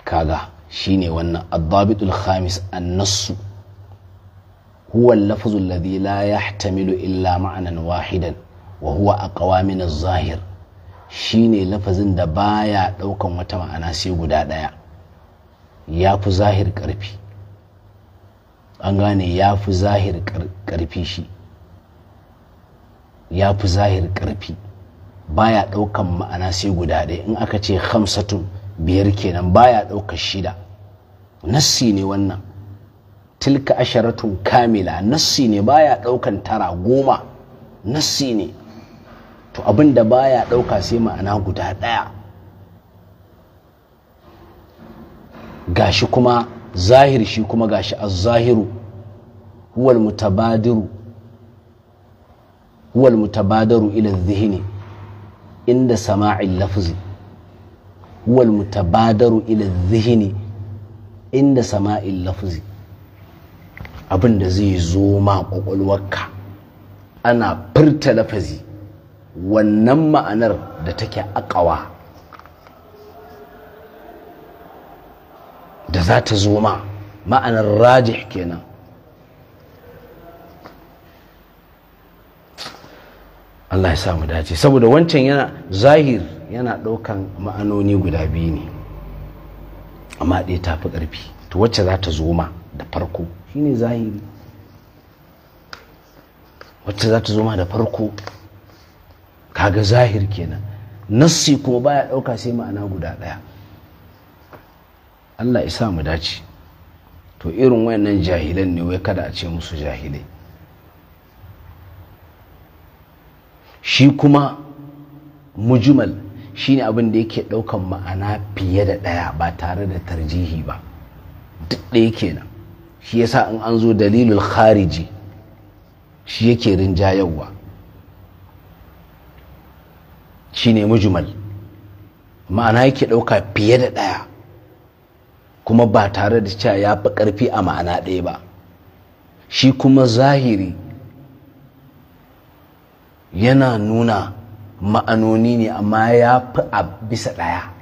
kaga shine wannan adabitul khamis an nassu huwa lafzu alladhi la yahtamilu illa ma'anan wahidan wa a aqwa min az-zahir shine lafazin da baya daukan wata ma'ana sai guda daya yafi zahir karfi an gane yafi zahir karfi shi yafi zahir karfi baya ɗaukan ma'ana sai guda ɗaya. in aka ce khamsatun biyar kenan baya daukar shida nassi ne wannan tilka asharatun kamila nassi ne baya daukan tara goma nassi ne to abin da baya dauka sai ma'ana guda daya gashi kuma zahir shi kuma gashi az-zahiru huwal mutabadiru huwal mutabadaru ila dhihni inda sama'il lafzi huwal mutabadaru ila dhihni inda sama'il lafzi abin da zai zo ma ƙwaƙwalwarka ana furta lafazi wannan ma'anar da take akawa da za ta zo ma ma'anar rajih kenan Allah ya samu dace saboda wancan yana zahir yana ɗaukan ma'anoni guda biyu ne amma ɗaya tafi ƙarfi to wacce za ta zo ma da farko shine zahiri wacce za ta zo ma da farko kaga zahiri kenan nassi kuma baya dauka sai ma'ana guda ɗaya Allah ya sa mu dace to irin wayannan jahilan ne wai kada a ce musu jahilai shi kuma mujmal shine abin da yake daukan ma'ana fiye da ɗaya ba tare da tarjihi ba duk ɗaya kenan shi yasa in an zo dalilul khariji shi yake rinjayarwa shi ne mujmal ma'ana yake ɗauka fiye da ɗaya kuma ba tare da cewa ya fi ƙarfi a ma'ana ɗaya ba shi kuma zahiri yana nuna ma'anoni ne amma ya fi a bisa ɗaya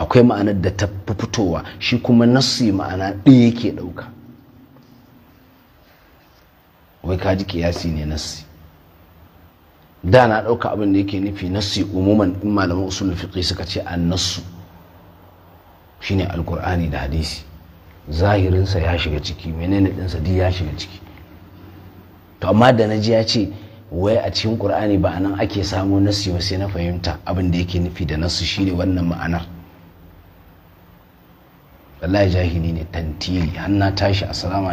akwai ma'anar da ta fi fitowa shi kuma nassi ma'ana ɗaya yake ɗauka wai ka ji kiyasi ne nasi da na ɗauka abin da yake nufi nasi umuman in malaman usulun fiqh suka ce an nasu shine alkur'ani da hadisi zahirinsa ya shiga ciki menene ɗinsa duk ya shiga ciki to amma da na ji ya ce wai a cikin ƙur'ani ba nan ake samo nasi ba sai na fahimta abin da yake nufi da nasu shine wannan ma'anar wallahi jahili ne tantiri har na tashi assalamu